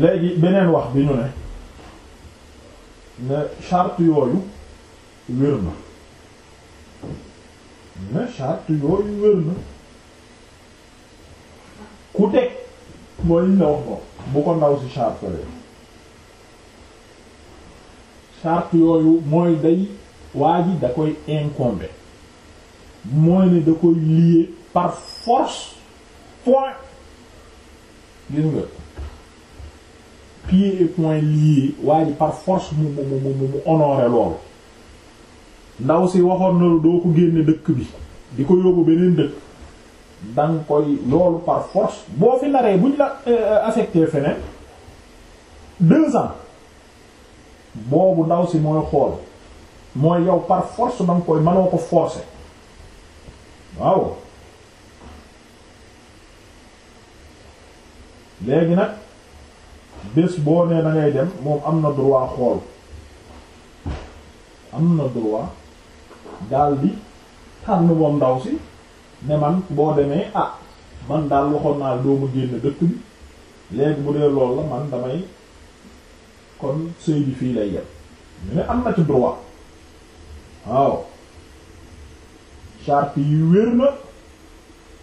léegi beneen wax bi ñu ne ne charte yooyu wér na ne charte yooyu wér na mooy ne bu ko ndaw si charte la charte yooyu mooy day waa da koy incombe mooy ne da koy lié par force point gis nga pieds et poings liés waaye par force mu mu mu mu loolu ndaw si waxoon na doo ko génne dëkk bi di ko yóbbu beneen dëkk danga koy loolu par boo fi naree buñ la euh, euh, affecté feneen deux ans boobu ndaw si mooy xool mooy yow par danga koy mënoo ko forcer waaw léegi nag bés boo nee da dem moom am na droit xool am na droit daal di tànn moom ndaw si ne man boo demee ah man daal waxoon naa mu génn dëkk bi léegi bu dee lool la man damay kon sëy bi fii lay yem ñu ne am na ci droit waaw charte yi wér na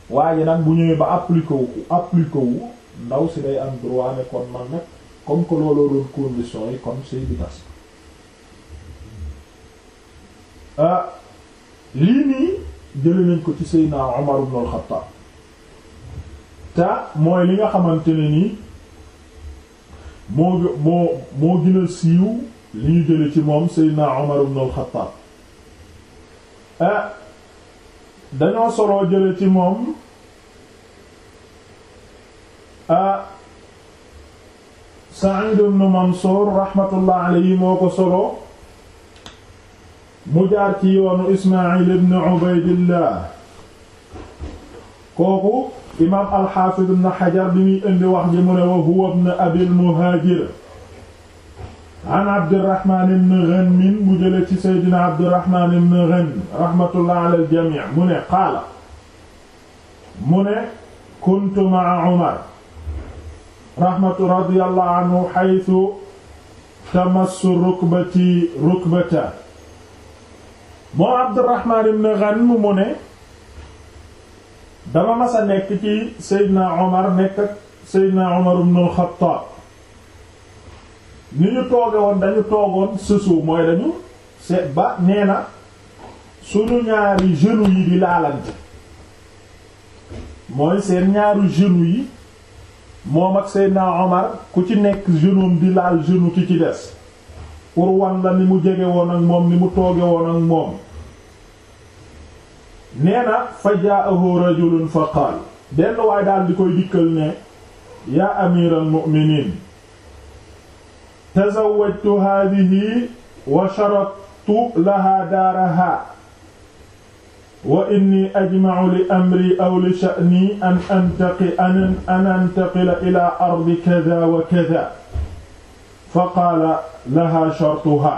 waaye nag bu ñëwee ba appliqué wu ndaw si day am droit ne kon man nag comme que looloo doon condition yi kon sëy bi tas ah lii nii jëli ko ci Seydina Umar ibn al te mooy li nga xamante ne nii moo moo moo gën a siiw li ñu jële ci moom Seydina Umar ibn al ah dañoo soloo jële ci moom ah Sa'id ibn Mansuur rahmatullah alayhi moo ko solo mu jaar ci yoonu Ismaa'il ibn Ubaydillah kooku imaam al-Haafiz ibn Hajar bi muy indi wax ji mu ne wa huwa ibn Abil Muhaajir an Abdurrahmaan ibn Ghanm mu jële ci Seydina Abdurrahmaan ibn Ghanm rahmatullah ala al-jamii' mu ne qaala mu ne kuntu ma'a Umar rahmatu radiyallahu anhu xaytu tamassu rukbati rukbata moo Abdurrahman ibn Ghanm mu ne dama mas nekk ci Seydina Omar nekk ak Omar ibn al ni ñu tooge woon dañu toogoon sësu mooy dañu seet ba nee na suñu ñaari genoux yi di laalante mooy seen ñaari genoux yi moom ak Seydina Omar ku ci nekk jeunom di laal jeune ci des pour ni mu jege woon ak moom ni mu tooge woon ak moom nee na fa jaahu rajulun fa qaal benn daal di koy dikkal ne yaa amiral mu'minin tazawwajtu haadihi wa sharattu laha daaraha wa inni ajma'u li amri aw li sha'ni an antaqi an an antaqila ila ardi kaza wa kaza fa qaala laha shartuha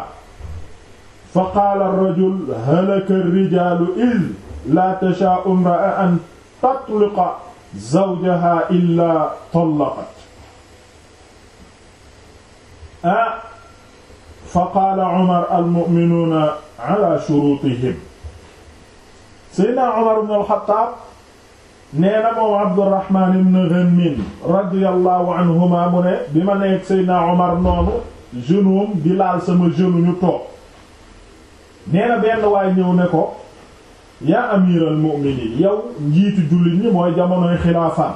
fa qaala ar-rajul halaka ar-rijaalu iz laa tashaa'u imra'a an tatliqa zawjaha illa tallaqat ah fa qaala Umar al-mu'minuuna ala shuruutihim Seydina Umar ibn al nee na moom Abdurrahman ibn Ghanmin radiyallahu anhuma mu ne bi ma nekk Seydina Umar noonu jeuneum di sama jeune ñu toog nee na benn waay ñëw ne ko yaa amiral mu'minin yow njiitu jullit ñi mooy jamonoy xilaafa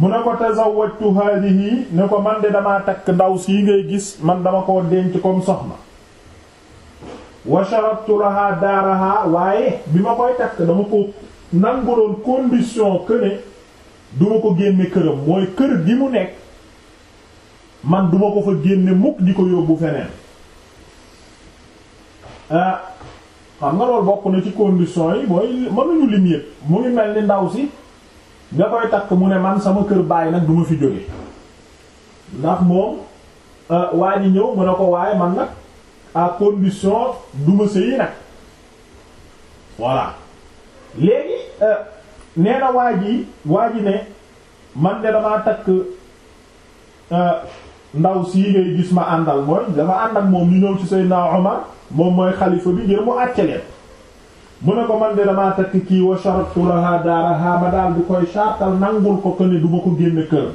mu ne ko tazawwajtu haadihi ne ko man de damaa takk ndaw sii ngay gis man dama ko denc comme soxna wa sharabtu laha waaye bi ma koy takk dama ko nanguloon condition que duma ko génne këram mooy kër gi mu nekk man duma ko fa génne mukk di ko yóbbu feneen ah xam nga loolu bokk na ci condition yi mooy mënuñu lim yëpp mu ngi mel ni ndaw si nga koy takk mu ne man sama kër bàyyi nag duma fi jóge ndax moom ah, waa ñëw mën a ko waaye man nag à condition du ma sëyi nag voilà léegi euh, nee na waa ji waa ji ne man de damaa takk euh, ndaw sii ngay gis ma àndal mooy dama ànd ak moom ñu ñëw ci Seydina Omar moom mooy xalifa bi ngir mu àcce leen mu ne ko man de damaa takk kii wa sharatu laha daaraha ma daal di koy sartal nangul ko que ne du ma ko génn kër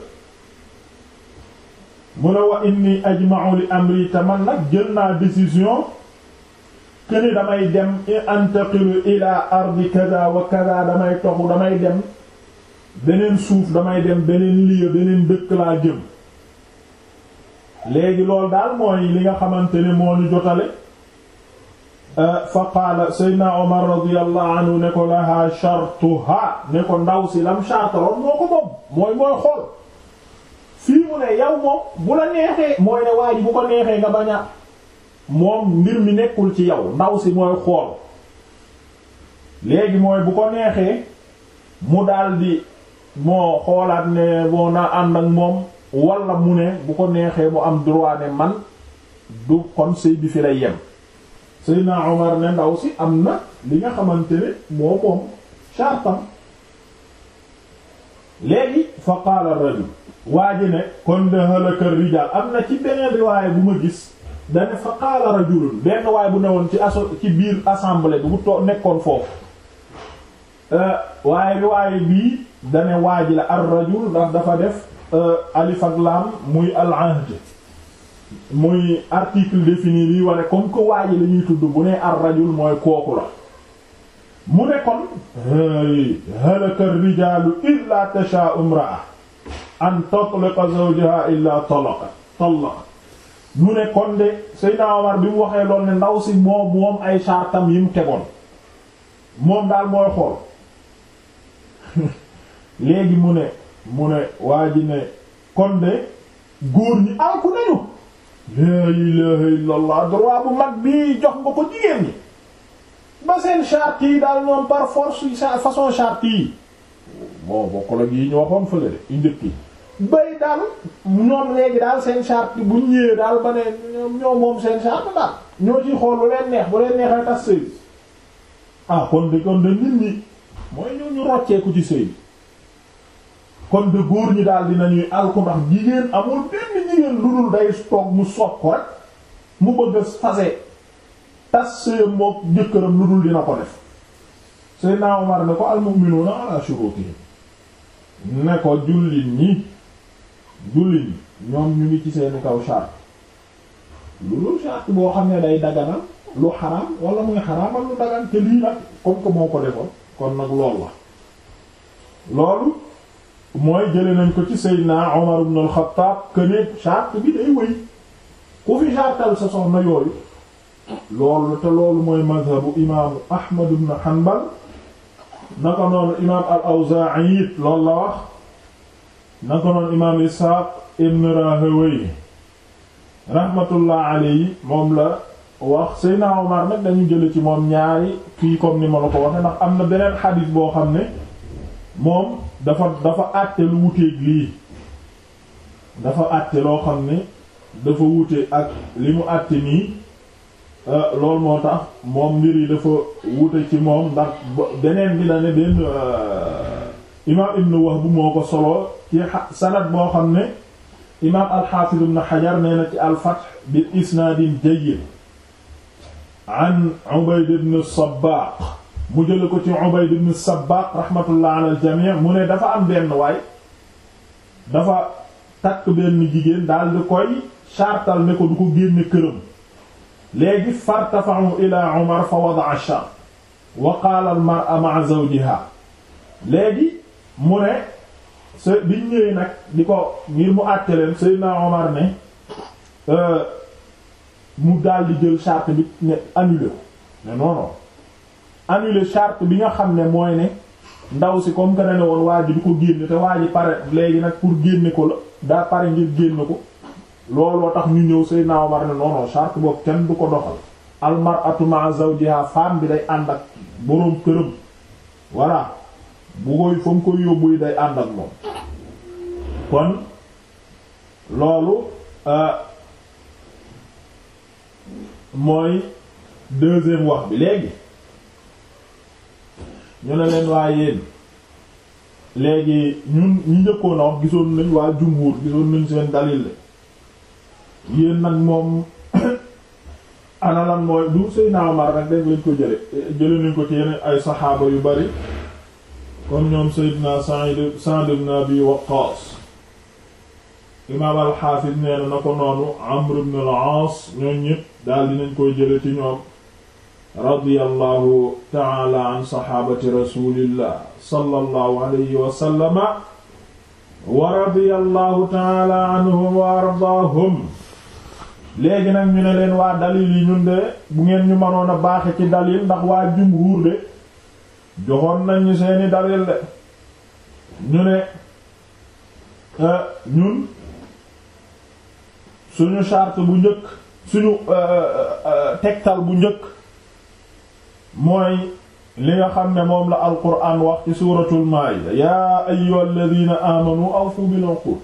mu ne wa inni ajma'u li amri te man nag jël naa décision que ni damay dem antaqilu ila ardi kaza wa kaza damay toxu damay dem beneen suuf damay dem beneen lieu beneen dëkk laa jëm daal mooy li nga xamante ne moo ñu jotale euh, fa qaala seydna omar radiyallahu anhu ne ko lahaa shartuha ne ko ndaw si lam shartaloon fii mu ne yow moom bu la neexee mooy ne waa ji bu ko neexee nga bañ moom mbir mi nekkul ci yow ndaw si mooy xool léegi mooy bu ko neexee mu daldi moo xoolaat ne naa ànd moom walla mu ne bu ko neexee mu am droit man du kon sëy bi fi lay yem Seydina Omar ne ndaw si am na li nga xamante ne moo moom chartam léegi fa qaala rajul waa ji ne kon de halaka rijal am na ci beneen riwaaye bu ma gis dane fa qaala rajulun benn waay bu newoon ci aso ci biir assemblée bi bu too nekkoon foofu euh, waaye riwaaye bii dane waa ji la ar rajul ndax dafa def euh, alif ak muy al ahd muy article défini lii wane comme que waa ji tudd bu ne ar rajul mooy kooku la mu nekkoon kon halaka rijalu illa tasha umraa an tatliqa zawjaha illa talaqa talaqa mu ne kon de bi mu waxee lool ne ndaw si moom moom ay sartam yi mu tegoon moom daal mooy xool léegi mu ne mu ne waa ji ne kon de góor ñi alku nañu laa ilaha illa allah bu mag bi jox nga ko jigéen ñi ba seen charte yi daal ñoom par force façon charte yi bon bokkul ak yi ñu waxoon fële de yu bay daal ñoom léegi daal seen charte bu ñëwee daal ba ne ñoom ñoo moom seen charte daal ñoo ciy xool lu leen neex bu leen neexee tas sëy bi ah kon de kon de nit ñi sëy bi kon de góor ñi daal dinañuy alku ndax jigéen amul benn mu soog ko rek mu bëgg a fase tas sëyam mook jëkkëram ko def Seydina ne ko al jullit ñi julli ñi ñoom ñu ngi ci seeni kaw charte lu dul charte boo xam ne day daganal lu xaraam wala muy xaraamal lu dagan te lii nag comme que moo ko defoon kon nag lool la loolu mooy jële nañ ko ci Seydina Omar ibn al-Khattab que bi day wëy ku fi chartal sa soxna yooyu loolu te loolu mooy mazhabu imaamu Ahmad ibn Hanbal naka noonu imaam al-Awzaa'i it loolu la wax na ko noon imaam Isxaaq ibn Rahawayh rahmatullah moom la wax Seydina Omar nag dañu jële ci moom ñaari kii comme ni ma la ko waxe ndax am na beneen xadis boo xam ne moom dafa dafa àtte lu wuteeg lii dafa àtte loo xam ne dafa wute ak li mu àtte nii euh, lool moo tax moom mbir yi dafa wute ci moom ndax beneen bi la ne benn euh, imaam Ibn Wahb moo ko solo ci sanad boo xam ne imaam alxaafid ibn xajar nee na ci alfath bi isnaadin jayyid an ubayd ibn sabbaaq mu jële ko ci ubayd ibn sabbaaq rahmatullah ala aljamii mu ne dafa am benn waay dafa takk benn jigéen daal di koy chartal ne ko du ko génne këram léegi fartafa'u ila umar fa wada'a shart wa qaala almar'a ma'a zawjiha léegi mu ne se biñ ñëwee nag di ko ngir mu àtte leen Seydina Omar ne euh, mu daldi jël charte bi ne annulé ko ne non non annulé bi nga xam ne mooy ne ndaw si comme que ne ne woon waa ji ko génne te waa pare léegi nag pour génne ko la daa pare ngir génne ko looloo tax ñu ñëw Seydina Omar ne non non boobu kenn du ko doxal. almar'atu ma'a zawjiha femme bi day ànd ak boroom këram voilà. bu koy fa mu koy yóbbu yi day ànd ak moom kon loolu euh, mooy deuxième wax bi léegi ñu ne leen waa yéen léegi ñun ñu njëkkoon a wax gisoon nañ waa jumhur gisoon nañ seen dalil la yéen nag moom ana mooy du Seydina Omar nag dañ leen ko jële jële nañ ko ci yeneen ay saxaaba yu bari kon ñoom Seydina Sa'id Sa'd ibn Abi Waqqas imaam al-Hafiz nee na na ko noonu Amr ibn al-As ñoom ñépp daal dinañ koy jële ci ñoom radiyallahu ta'ala an sahabati rasulillah sallallahu alayhi wa wa radiyallahu ta'ala anhum wa ardaahum léegi nag ñu ne leen waa dalil yi ñun de bu ngeen ñu mënoon a baax ci dalil ndax waa jumhuur de joxoon nañu seeni dalil de ñu ne euh, ñun suñu charte bu njëkk suñu euh, euh, tegtal bu njëkk mooy li nga xam ne moom la alquran wax ci suuratul maa'ida yaa ayyuhal ladina amanu awfu bil uqud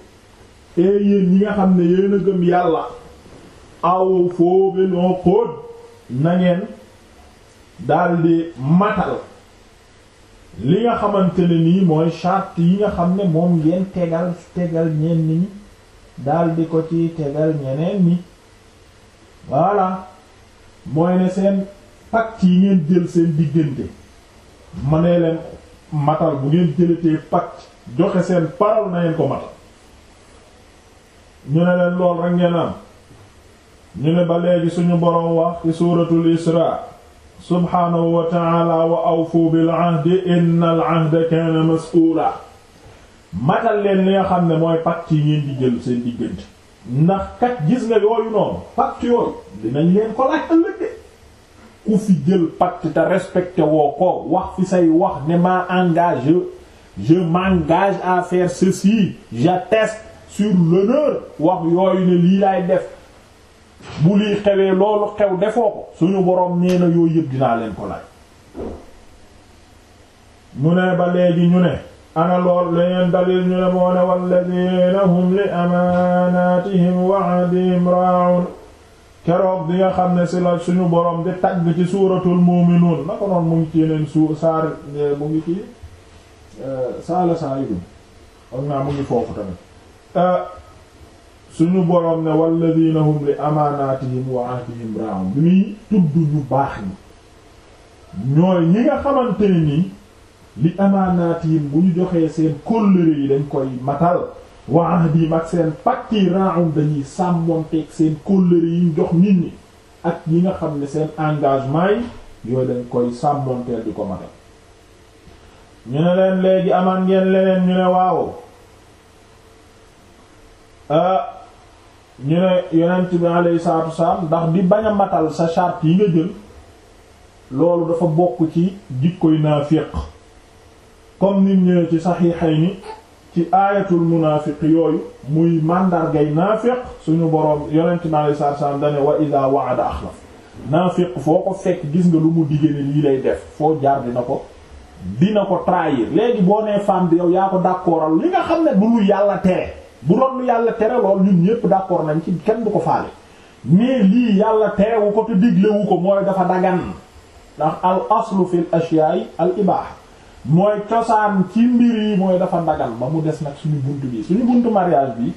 e yéen ñi nga xam ne yéen a yàlla awfu bil uqud na ngeen daldi matal li nga xamante ne nii mooy charte yi nga xam ne moom ngeen tegal tegal ñeen ñi daal ko ci tegal ñeneen ñi voilà mooy ne seen pacte yi ngeen jël seen diggante ma nee leen matal bu ngeen jëlatee pacte joxe seen parole na ngeen ko matal ñu ne leen lool rek ngeen am ñu ne ba léegi suñu boroom wax ci suuratul Isra subhaanahu wa taala wa awfu bil ahdi innal ahda kaana mas'uula matal leen li nga xam ne mooy pacte yi ngeen jël seen diggante ndax kat gis nga yooyu noonu pacte yooyu dinañ leen ko laaj ëllëg de ku fi jël pacte te respecté woo ko wax fi say wax ne ma engage je m'engage à faire ceci j'atteste sur l'honneur wax yooyu ne lii laay def bu lii xewee loolu xew defoo ko suñu boroom nee na yooyu yëpp dinaa leen ko laaj mu ne ba léegi ñu ne ana lool leneen dalil ñu ne moo ne walladina hum li amaanaatihim wa ahdim keroog bi nga xam ne si la suñu boroom di tagg ci suuratul mu'minuun naka noonu mu ngi ci yeneen suu saar eh, mu ngi ci eh, saala saa yi ak mu ngi foofu tamit eh, suñu boroom ne walladina hum li amaanaatihim wa ahdihim raa'un bi muy tudd ñu baax ñi ñooy ñi nga xamante ne ni li amaanaatihim bu ñu joxee seen kóllëre yi dañ koy matal wa ahdihim ak seen pacte yi raa'un dañuy sàmmonteeg seen kóllëre yi ñu jox nit ñi ak yi nga xam ni seen engagement yi yooyu dañ koy sàmmonteel di ko matal ñu ne leen léegi amaan ngeen leneen ñu ne waaw euh, ñu ne yonent bi alayhi salaatu wasalaam ndax di bañ matal sa charte yi nga jël loolu dafa bokk ci jikkoy naafiq comme nit ñëwee ci saxiixayni ci aayatul munaafiq yooyu muy màndargay naafiq suñu boroom yonent bi alayhi salaatu wasalaam dane wa idaa axlaf naafiq foo ko fekk gis nga lu mu diggéene lii lay def foo jaar dina ko dina ko trahir léegi boo nee femme bi yow yaa ko d'accordal li nga xam ne bu lu yàlla tere bu doon yàlla tere lool ñun ñépp d'accord nañ ci kenn du ko faale mais lii yàlla terewu ko te diglewu ko mooy dafa dagan ndax al aslu fil ashyaa'i al ibaaha mooy cosaan ci mbir yi mooy dafa dagan ba mu des nag suñu bunt bi suñu buntu mariage bi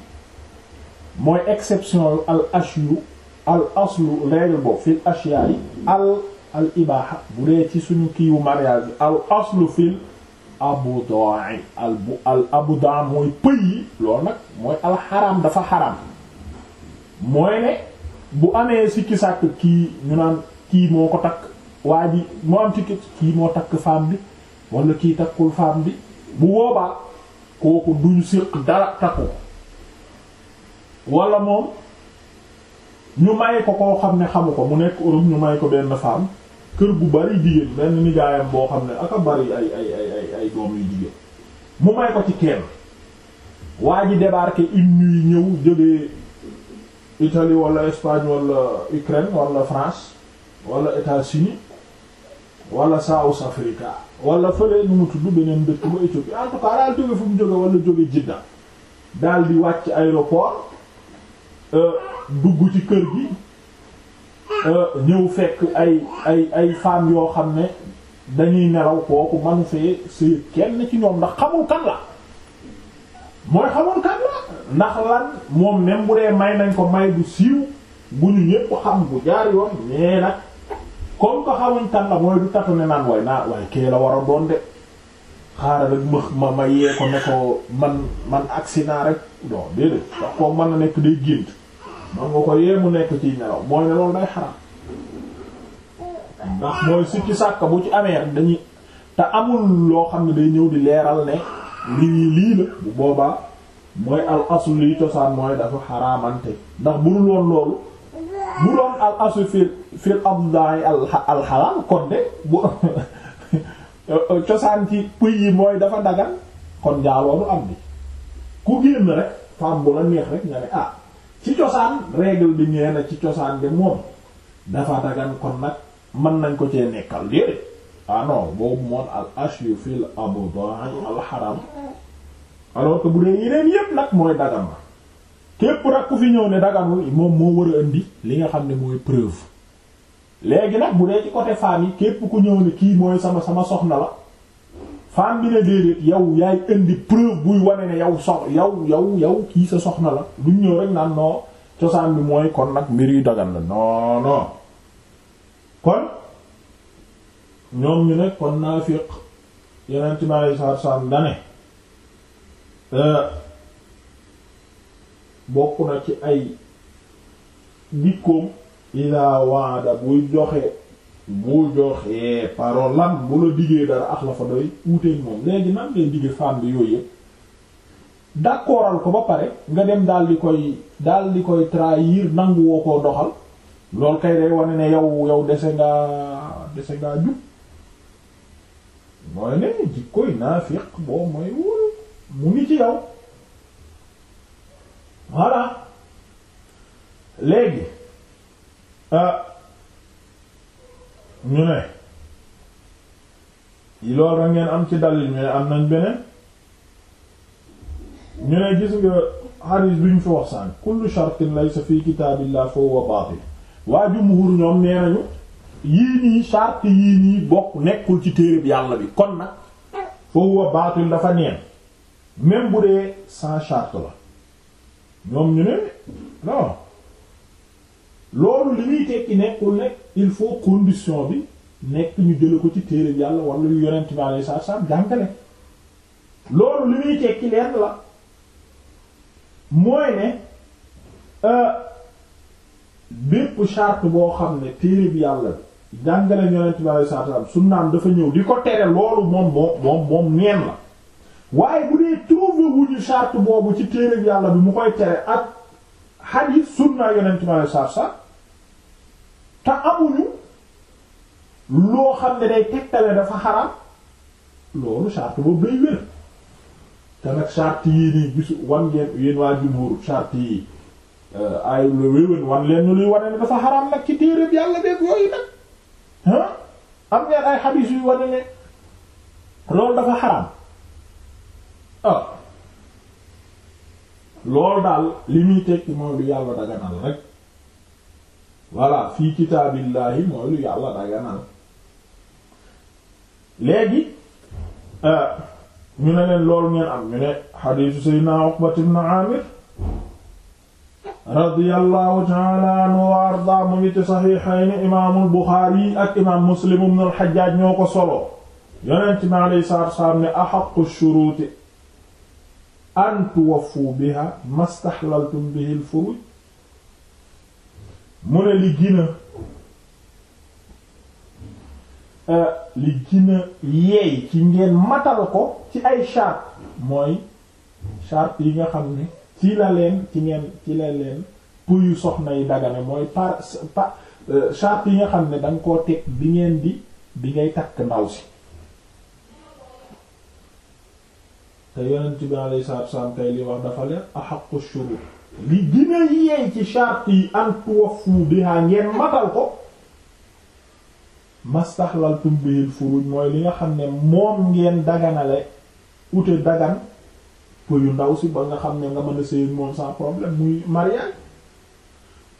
mooy exception al ashyu al aslu règle bo fil ashyaa'i al al ibaaha bu dee ci suñu kiiwu mariage bi al aslu fil abu al bu al mooy pëy yi loolu nag mooy alxaram dafa xaram mooy ne bu amee sikki sàkk kii ñu naan kii moo ko takk waa ji moo am kii moo takk femme bi wala kii takkul femme bi bu boobaa kooku duñu séq dara takku wala moom ñu may ko koo xam ne xamu ko mu nekk Europe ñu may ko benn femme kër gu bari jigéen benn nijaayam boo xam ne aka bari ay ay ay doom yu jigéen mu may ko ci kenn waa ji débarqué une nuit ñëw jógee Italie wala Espagne wala Ukraine wala France wala États-Unis walla South Africa wala fële nu mu beneen dëkk ba Éthiopie en daal jóge fu mu jóge wala jóge Jidda daal di wàcc aéroport euh, dugg ci kër gi Euh, ñëw fekk ay ay ay femmes yoo xam ne dañuy nelaw kooku manu fee sëy kenn ci ñoom ndax xamul kan la mooy xamul kan la ndax lan moom même bu dee may nañ ko may bu siiw bu ñu ñépp xam bu jaar yoon mais nag comme ko xamuñ kan la mooy du taxu ne naan way naa waaye kee la war a doon de xaaral rek ma ma yee ko ne ko man man agsi naa rek non déedéet wax ko mën na nekk day gént man nga ko yee mu nekk ci nelaw mooy ne loolu day xaraam ndax mooy sikki sàkka bu ci amee dañuy te amul loo xam ne day ñëw di leeral ne lii lii la bu boobaa mooy al aslu liy cosaan mooy dafa xaraamante ndax bu dul woon loolu bu doon al aslu fil fil abdaay al al kon de bu cosaan ci pëy yi mooy dafa dagal kon jaaloo du am bi ku génn rek femme bu la neex rek nga ne ah. ci cosaan règle bi nee na ci cosaan de moom dafa dagan kon nag mën nañ ko cee nekkal déedéet ah non boobu moom al ashu fil abdan al haram alors que bu dee yeneen yépp nag mooy dagan na képp nag ku fi ñëw ne daganul moom moo war a indi li nga xam ne mooy preuve léegi nag bu dee ci côté femme yi képp ku ñëw ne kii mooy sama sama soxna la femme bi ne déedéet yow yaay indi preuve buy wane ne yow sox yow yow kii sa soxna la duñ ñëw rek naan non cosaan bi mooy kon nag mbir yu dagan la non kon ñoom ñu ne kon naafiq yeneen ci ma lay saa dane euh, bokk na ci ay dikkoom ila waada buy joxe. bu joxee parole am bu la diggee dara ak la fa doy wuuteeg moom léegi nan ngay digge bi yooyu yëpp d'accordal ko ba pare nga dem daal di koy daal di koy trahir nangu woo koo doxal loolu kay day ne yow yow dese ngaa dese ngaa jub mooy ne jikkoy naafiq boo mooy wóolu mu ngi ci yow léegi euh, ñu ne loolu rek ngeen am ci dalil ñu ne am nañ beneen ñu ne gis nga xadis bi ñu fi wax sànq kullu shartin laysa fi kitaabillah fa huwa baatil waa jumhur ñoom nee nañu yii nii shart yii nii bokk nekkul ci téereb yàlla bi kon nag fa huwa baatil dafa neen même bu dee sans la ñoom ñu ne non loolu li muy tekki nekkul nekk il faut condition bi nekk ñu jële ko ci téere yàlla walla yu yonent bi alayhi salaatu salaam jàngale loolu li euh, boo xam ne téere bi yàlla bi jàngale yonent sunnaam dafa ñëw di ko tere loolu moom moom moom neen la waaye bu dee trouvé wuñu charte boobu ci téere bi yàlla bi mu koy tere ak hadith sunna yonent bi alayhi salaatu salaam te amuñu loo xam ne day tegtale dafa xaraam loolu charte boobu day wér te nag charte yii nii gisu wan ngeen yéen waa jumhur charte yi euh, ay la wéwén wan leen luy wane ne dafa xaraam nag ci téeréb yàlla béeg yooyu nag ah am ngeen ay xadiis yuy wane ne loolu dafa xaraam ah. loolu daal li muy tekki mooy lu yàlla daganal rek voilà fii kitaabillahi mooy lu yàlla daganal léegi euh, ñu ne leen loolu ngeen am ñu ne xadiisu sayyidina Uqbat ibn Amir radiyallahu ta'ala anhu wa arda mu ngi ci saxiixayni imaamul Buxaari ak imaam Muslim ibn al-Hajjaaj ñoo ko solo yonent mi alayhi salaatu wa salaam ne ahaqqu shuruuti an tuwaffu biha mastahlaltum bihi al-furuuj mu ne li gina euh, li gina yeey ci ngeen matal ko ci ay charte mooy charte yi nga xam ne ci la leen ci ngeen la leen puyu soxna yi dagane mooy par par charte euh, yi nga xam ne danga koo teg bi ngeen di bi ngay takk ndaw si te yonent bi alayhi salaatu wa salaam tey wax dafa leen axaqu shurut li gën a yeey ci charte yi an tuwafu biha ngeen matal ko mastaxlaltum bihil furuj mooy li nga xam ne moom ngeen daganale ute dagan pëyu ndaw si ba nga xam ne nga mën a sëy moom sans problème muy mariage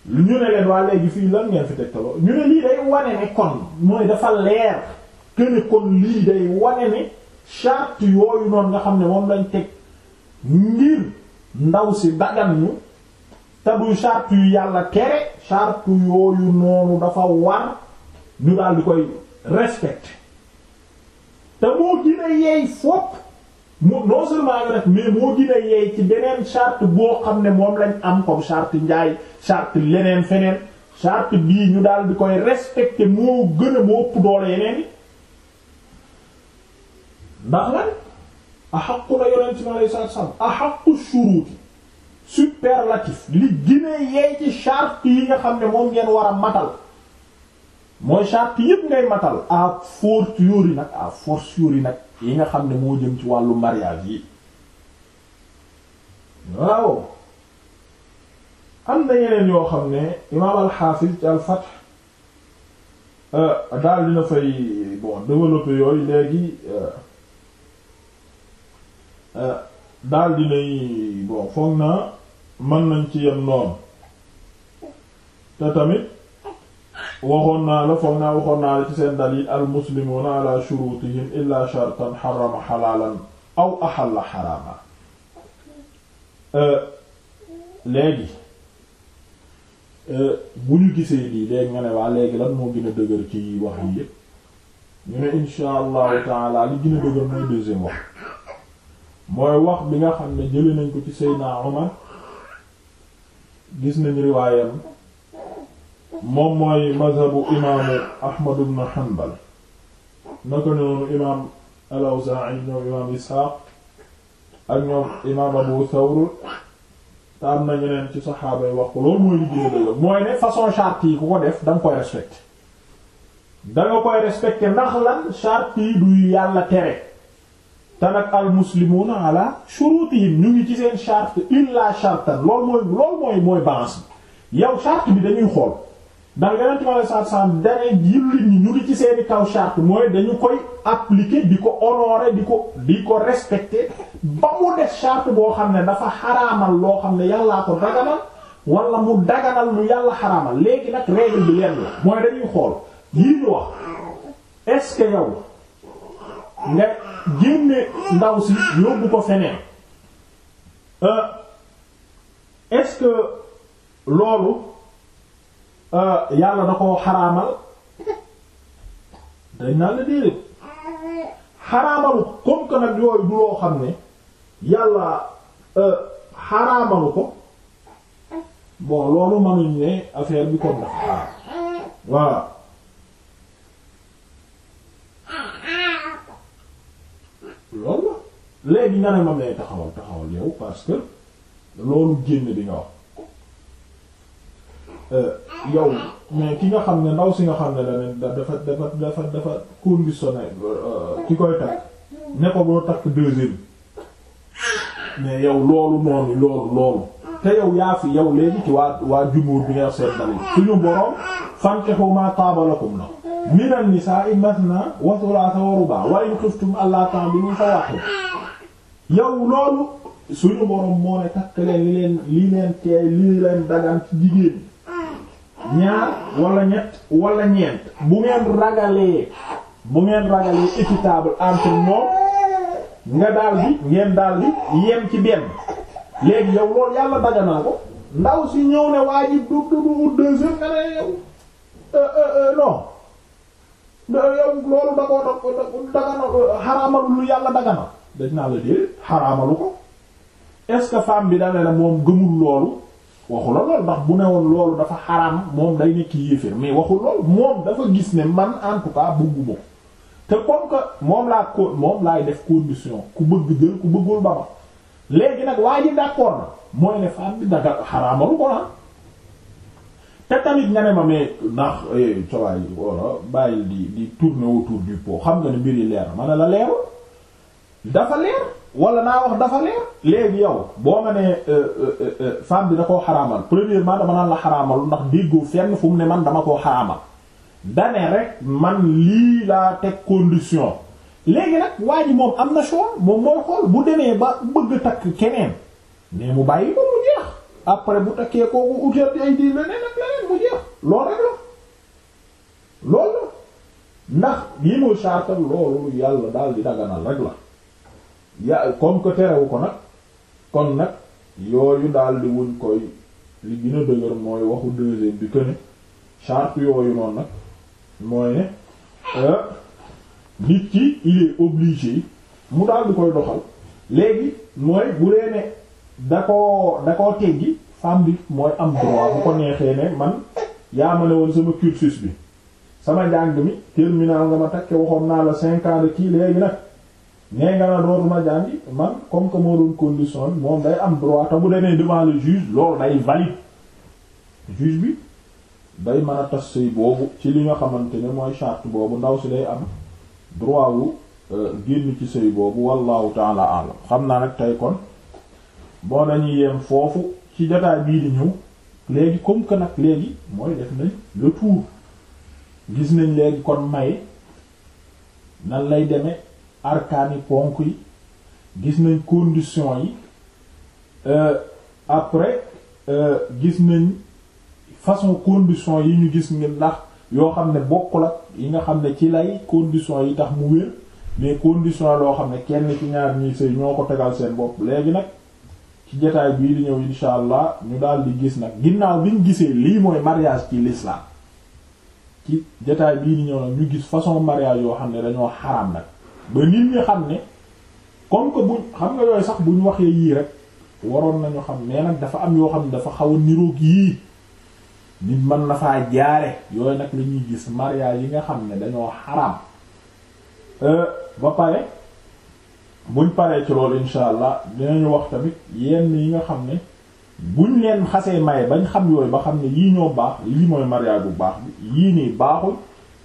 lu ñu ne leen waa léegi fii lan ngeen fi tegtaloo ñu ne lii day wane ne kon mooy dafa leer que ne kon lii day wane ne charte yooyu noonu nga xam ne moom lañ teg ngir ndaw si dagan ñu te du yu yàlla tere charte yooyu noonu dafa war ñu daal di koy respecté te moo gën a yeey fopp mu non seulement ñu def moo gën a yeey ci beneen charte boo xam ne moom lañ am ko charte njaay charte leneen feneen charte bii ñu daal di koy respecté moo gën a moo ëpp doole yeneen yi ndax lan axaqu la yonent mi alayhi salaatu salaam axaqu shuruuti superlatif li gine yeey ci charte yi nga xam ne moom ngeen war a matal mooy charte yépp ngay matal à fortiori nag à fortiori nag yi nga xam ne moo jëm ci wàllu mariage yi waaw am na yeneen yoo xam ne imaam al-Hafiz ci al-Fath euh, dina fay bon développer yooyu léegi euh, Euh, daal dinay bon foog naa mën nañ ci yem noonu te tamit waxoon naa la foog naa waxoon naa la ci seen dalil al muslimuna ala shurutihim illa shartan xarama xalaalan aw axalla xaraama euh, léegi euh, bu ñu gisee lii léegi nga ne waa léegi lan moo gën dëgër ci wax yi ñu ne insha allahu taala li gën dëgër mooy deuxième mooy wax bi nga xam ne jëli nañ ko ci Seydina Umar gis nañ riwaayam moom mooy mazhabu imaamu Ahmad ibn Hanbal naka noonu imaam al-Awzaa'i ñoom imaam Isxaaq ak ñoom imaam Abu Thawr te am na ñeneen ci saxaaba yi wax ko loolu mooy liggéey la mooy ne façon charte yi ku ko def da nga koy respecté da koy respecté ndax lan charte yi yàlla tere te nag al muslimuuna ala ñu ngi ci seen charte illa shartan loolu mooy loolu mooy mooy balance yow charte bi dañuy xool ndax yonent bi alayhi salaatu salaam dane ñu ngi ci seeni kaw charte mooy dañu koy appliquer di ko honorer di ko di ko respecter ba mu def charte boo xam ne dafa xaraamal loo xam ne yàllaa ko daganal wala mu daganal lu yàlla xaramal léegi nag règle bi lenn la mooy dañuy xool yii ñu wax est yow nga génne ndaw si yóbbu ko feneen euh, est-ce que loolu euh, yàlla da koo xaraamal dañ naa la déedéet xaraamalu comme que nag yooyu du loo xam ne yàlla euh, xaraamalu ko bon loolu mënuñ ne affaire bi kon dafa xaraam voilà léegi nga ne ma ngay taxawal taxawal yow parce que loolu génn bi nga wax euh, yow mais ki nga xam ne ndaw si nga xam ne daneen dafa dafa dafa dafa conditionné euh, ki koy takk ne ko boo takk deuxième mais yow loolu noonu loolu loolu te yow yaa fi yow léegi ci waa waa jumuur bi nga seet dalil suñu borom fankihu ma taaba lakum na minan nisaa'i mathna wa thulatha wa ruba wa in khiftum alla ta'dilu fa wahid yow loolu suñu borom moo ne takk leen li leen li li leen dagaan ci jigéen ñaar wala ñett wala ñeent bu ngeen ragalee bu ngeen ragalee équitable entre moom nga daal bi ngeen daal bi yem ci benn léegi yow loolu yàlla daganaa ko ndaw si ñëw ne waa du du du deux heures nga ne yow euh, euh, euh, loolu da koo lu yàlla daganaa dañ naa la dee xaraamalu ko est-ce que femme bi dane la moom gëmul loolu waxu la lool ndax bu newoon loolu dafa xaraam moom day nekk yéeféer mais waxul lool moom dafa gis ne man en tout cas te comme que moom laa ko moom laay def condition ku bëgg jël ku bëggul ba ma léegi nag waa ji d'accord na mooy ne femme bi daga xaraamalu ko te tamit nga ne ma mais ndax eh, cowaay wala bàyyil di di tourner autour du pot xam nga ne mbir yi leer na ma ne la leerul dafa leer wala naa wax dafa leer léegi yow boo ma nee euh, euh, euh, femme bi da koo xaraamal premièrement dama naan la xaraamal ndax déggoo fenn fu mu ne man dama koo xaraamal dane rek man lii laa teg condition léegi nag waa ji moom am na choix moom mooy xool bu demee ba bëgg takk keneen mais mu bàyyi ko mu jeex après bu takkee kooku utal di ay di leneen ak leneen mu jeex loolu rek la loolu ndax lii mooy sartal loolu yàlla daal di daganal rek la ya comme que terewu ko nag kon nag yooyu daldi wuñ koy li gën dëgër mooy waxu deuxième bi que ne charte yooyu noonu nag mooy ne euh, nit ki il est obligé mu daldi koy doxal léegi mooy bu dee ne da koo da koo teggi femme bi mooy am droit bu ko neexee ne man yaa ma ne woon sama cursus bi sama jàng mi terminal nga ma takke waxoon naa la cinq ans de kii léegi nag. nee nga la dootuma jàngi man comme que moo condition moom day am droit te bu le juge loolu day valide juge bi day mën a tas sëy boobu ci li nga xamante ne mooy charte boobu ndaw si day am droit wu euh, génn ci sëy boobu wallahu taala alam xam naa nag tey kon boo dañuy yem foofu ci jotaay bii di ñëw léegi comme que nag léegi mooy def nañ le tour gis nañ léegi kon maye nan lay demee arkaani ponk yi gis nañ condition yi euh, après euh, gis nañ façon condition yi ñu gis ngeen ndax yoo xam ne bokk ak yi nga xam ne ci lay condition yi tax mu wér mais condition loo xam ne kenn ci ñaar ñi sëy ñoo ko tegal seen bopp léegi nag ci jotaay bii di ñëw insha allah ñu daal di gis nag ginnaaw bi gisee lii mooy mariage ci l'islam ci jotaay bii di ñëw nag ñu gis façon mariage yoo xam ne dañoo xaraam nag ba nit ñi xam ne comme que buñ xam nga yooyu sax buñ waxee yii rek waroon nañu xam mais nag dafa am yoo xam ne dafa xaw a niroog yii nit mën na faa jaare yooyu nag la ñuy gis mariage yi nga xam ne dañoo xaraam euh, ba pare buñ paree allah dinañu wax tamit yenn yi nga xam ne buñ leen xasee maye bañ xam yooyu ba xam ne yii ñoo baax lii mooy mariage bu baax bi yii nii baaxul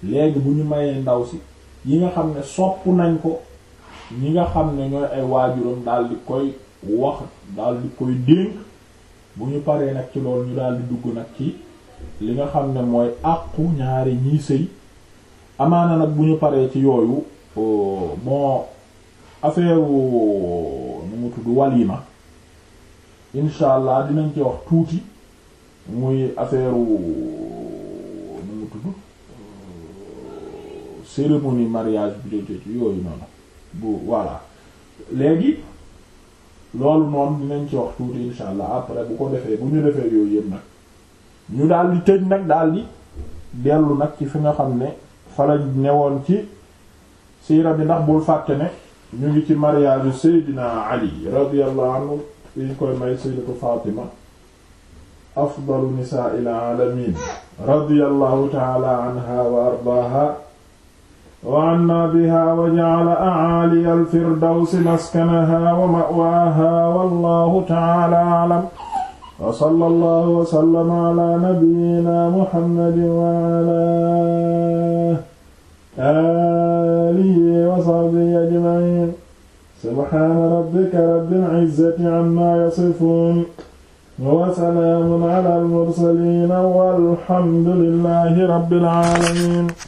léegi bu ñu mayee ndaw si yi nga xam ne sopp nañ ko ñi nga xam ne ñooy ay waajuram daal di koy wax daal di koy dénk bu ñu paree nag ci loolu ñu daal di dugg nag ci li nga xam ne mooy àqu ñaari ñii sëy amaana nag bu ñu paree ci yooyu euh, bon affaire nu mu tudd walima incha allah dinañ ci wax tuuti muy affaire cérémonie mariage bi jote ci yooyu noonu bu voilà léegi loolu moom dinañ ci wax tuuti insha allah après bu ko defee bu ñu defee yooyu yëpp nag ñu daal di tëj nag daal di dellu nag ci fi nga xam ne fa lañ newoon ci siira bi ndax bul fàtte ne ñu ngi ci mariage bi Ali radiyallahu anhu fi ñu koy may Sayyidatu Fatima afdalu nisaa'il alamin radiyallahu ta'ala anha wa ardaaha وعنا بها وجعل أعالي الفردوس مسكنها ومأواها والله تعالى أعلم وصلى الله وسلم على نبينا محمد وعلى آله وصحبه أجمعين سبحان ربك رب العزة عما يصفون وسلام على المرسلين والحمد لله رب العالمين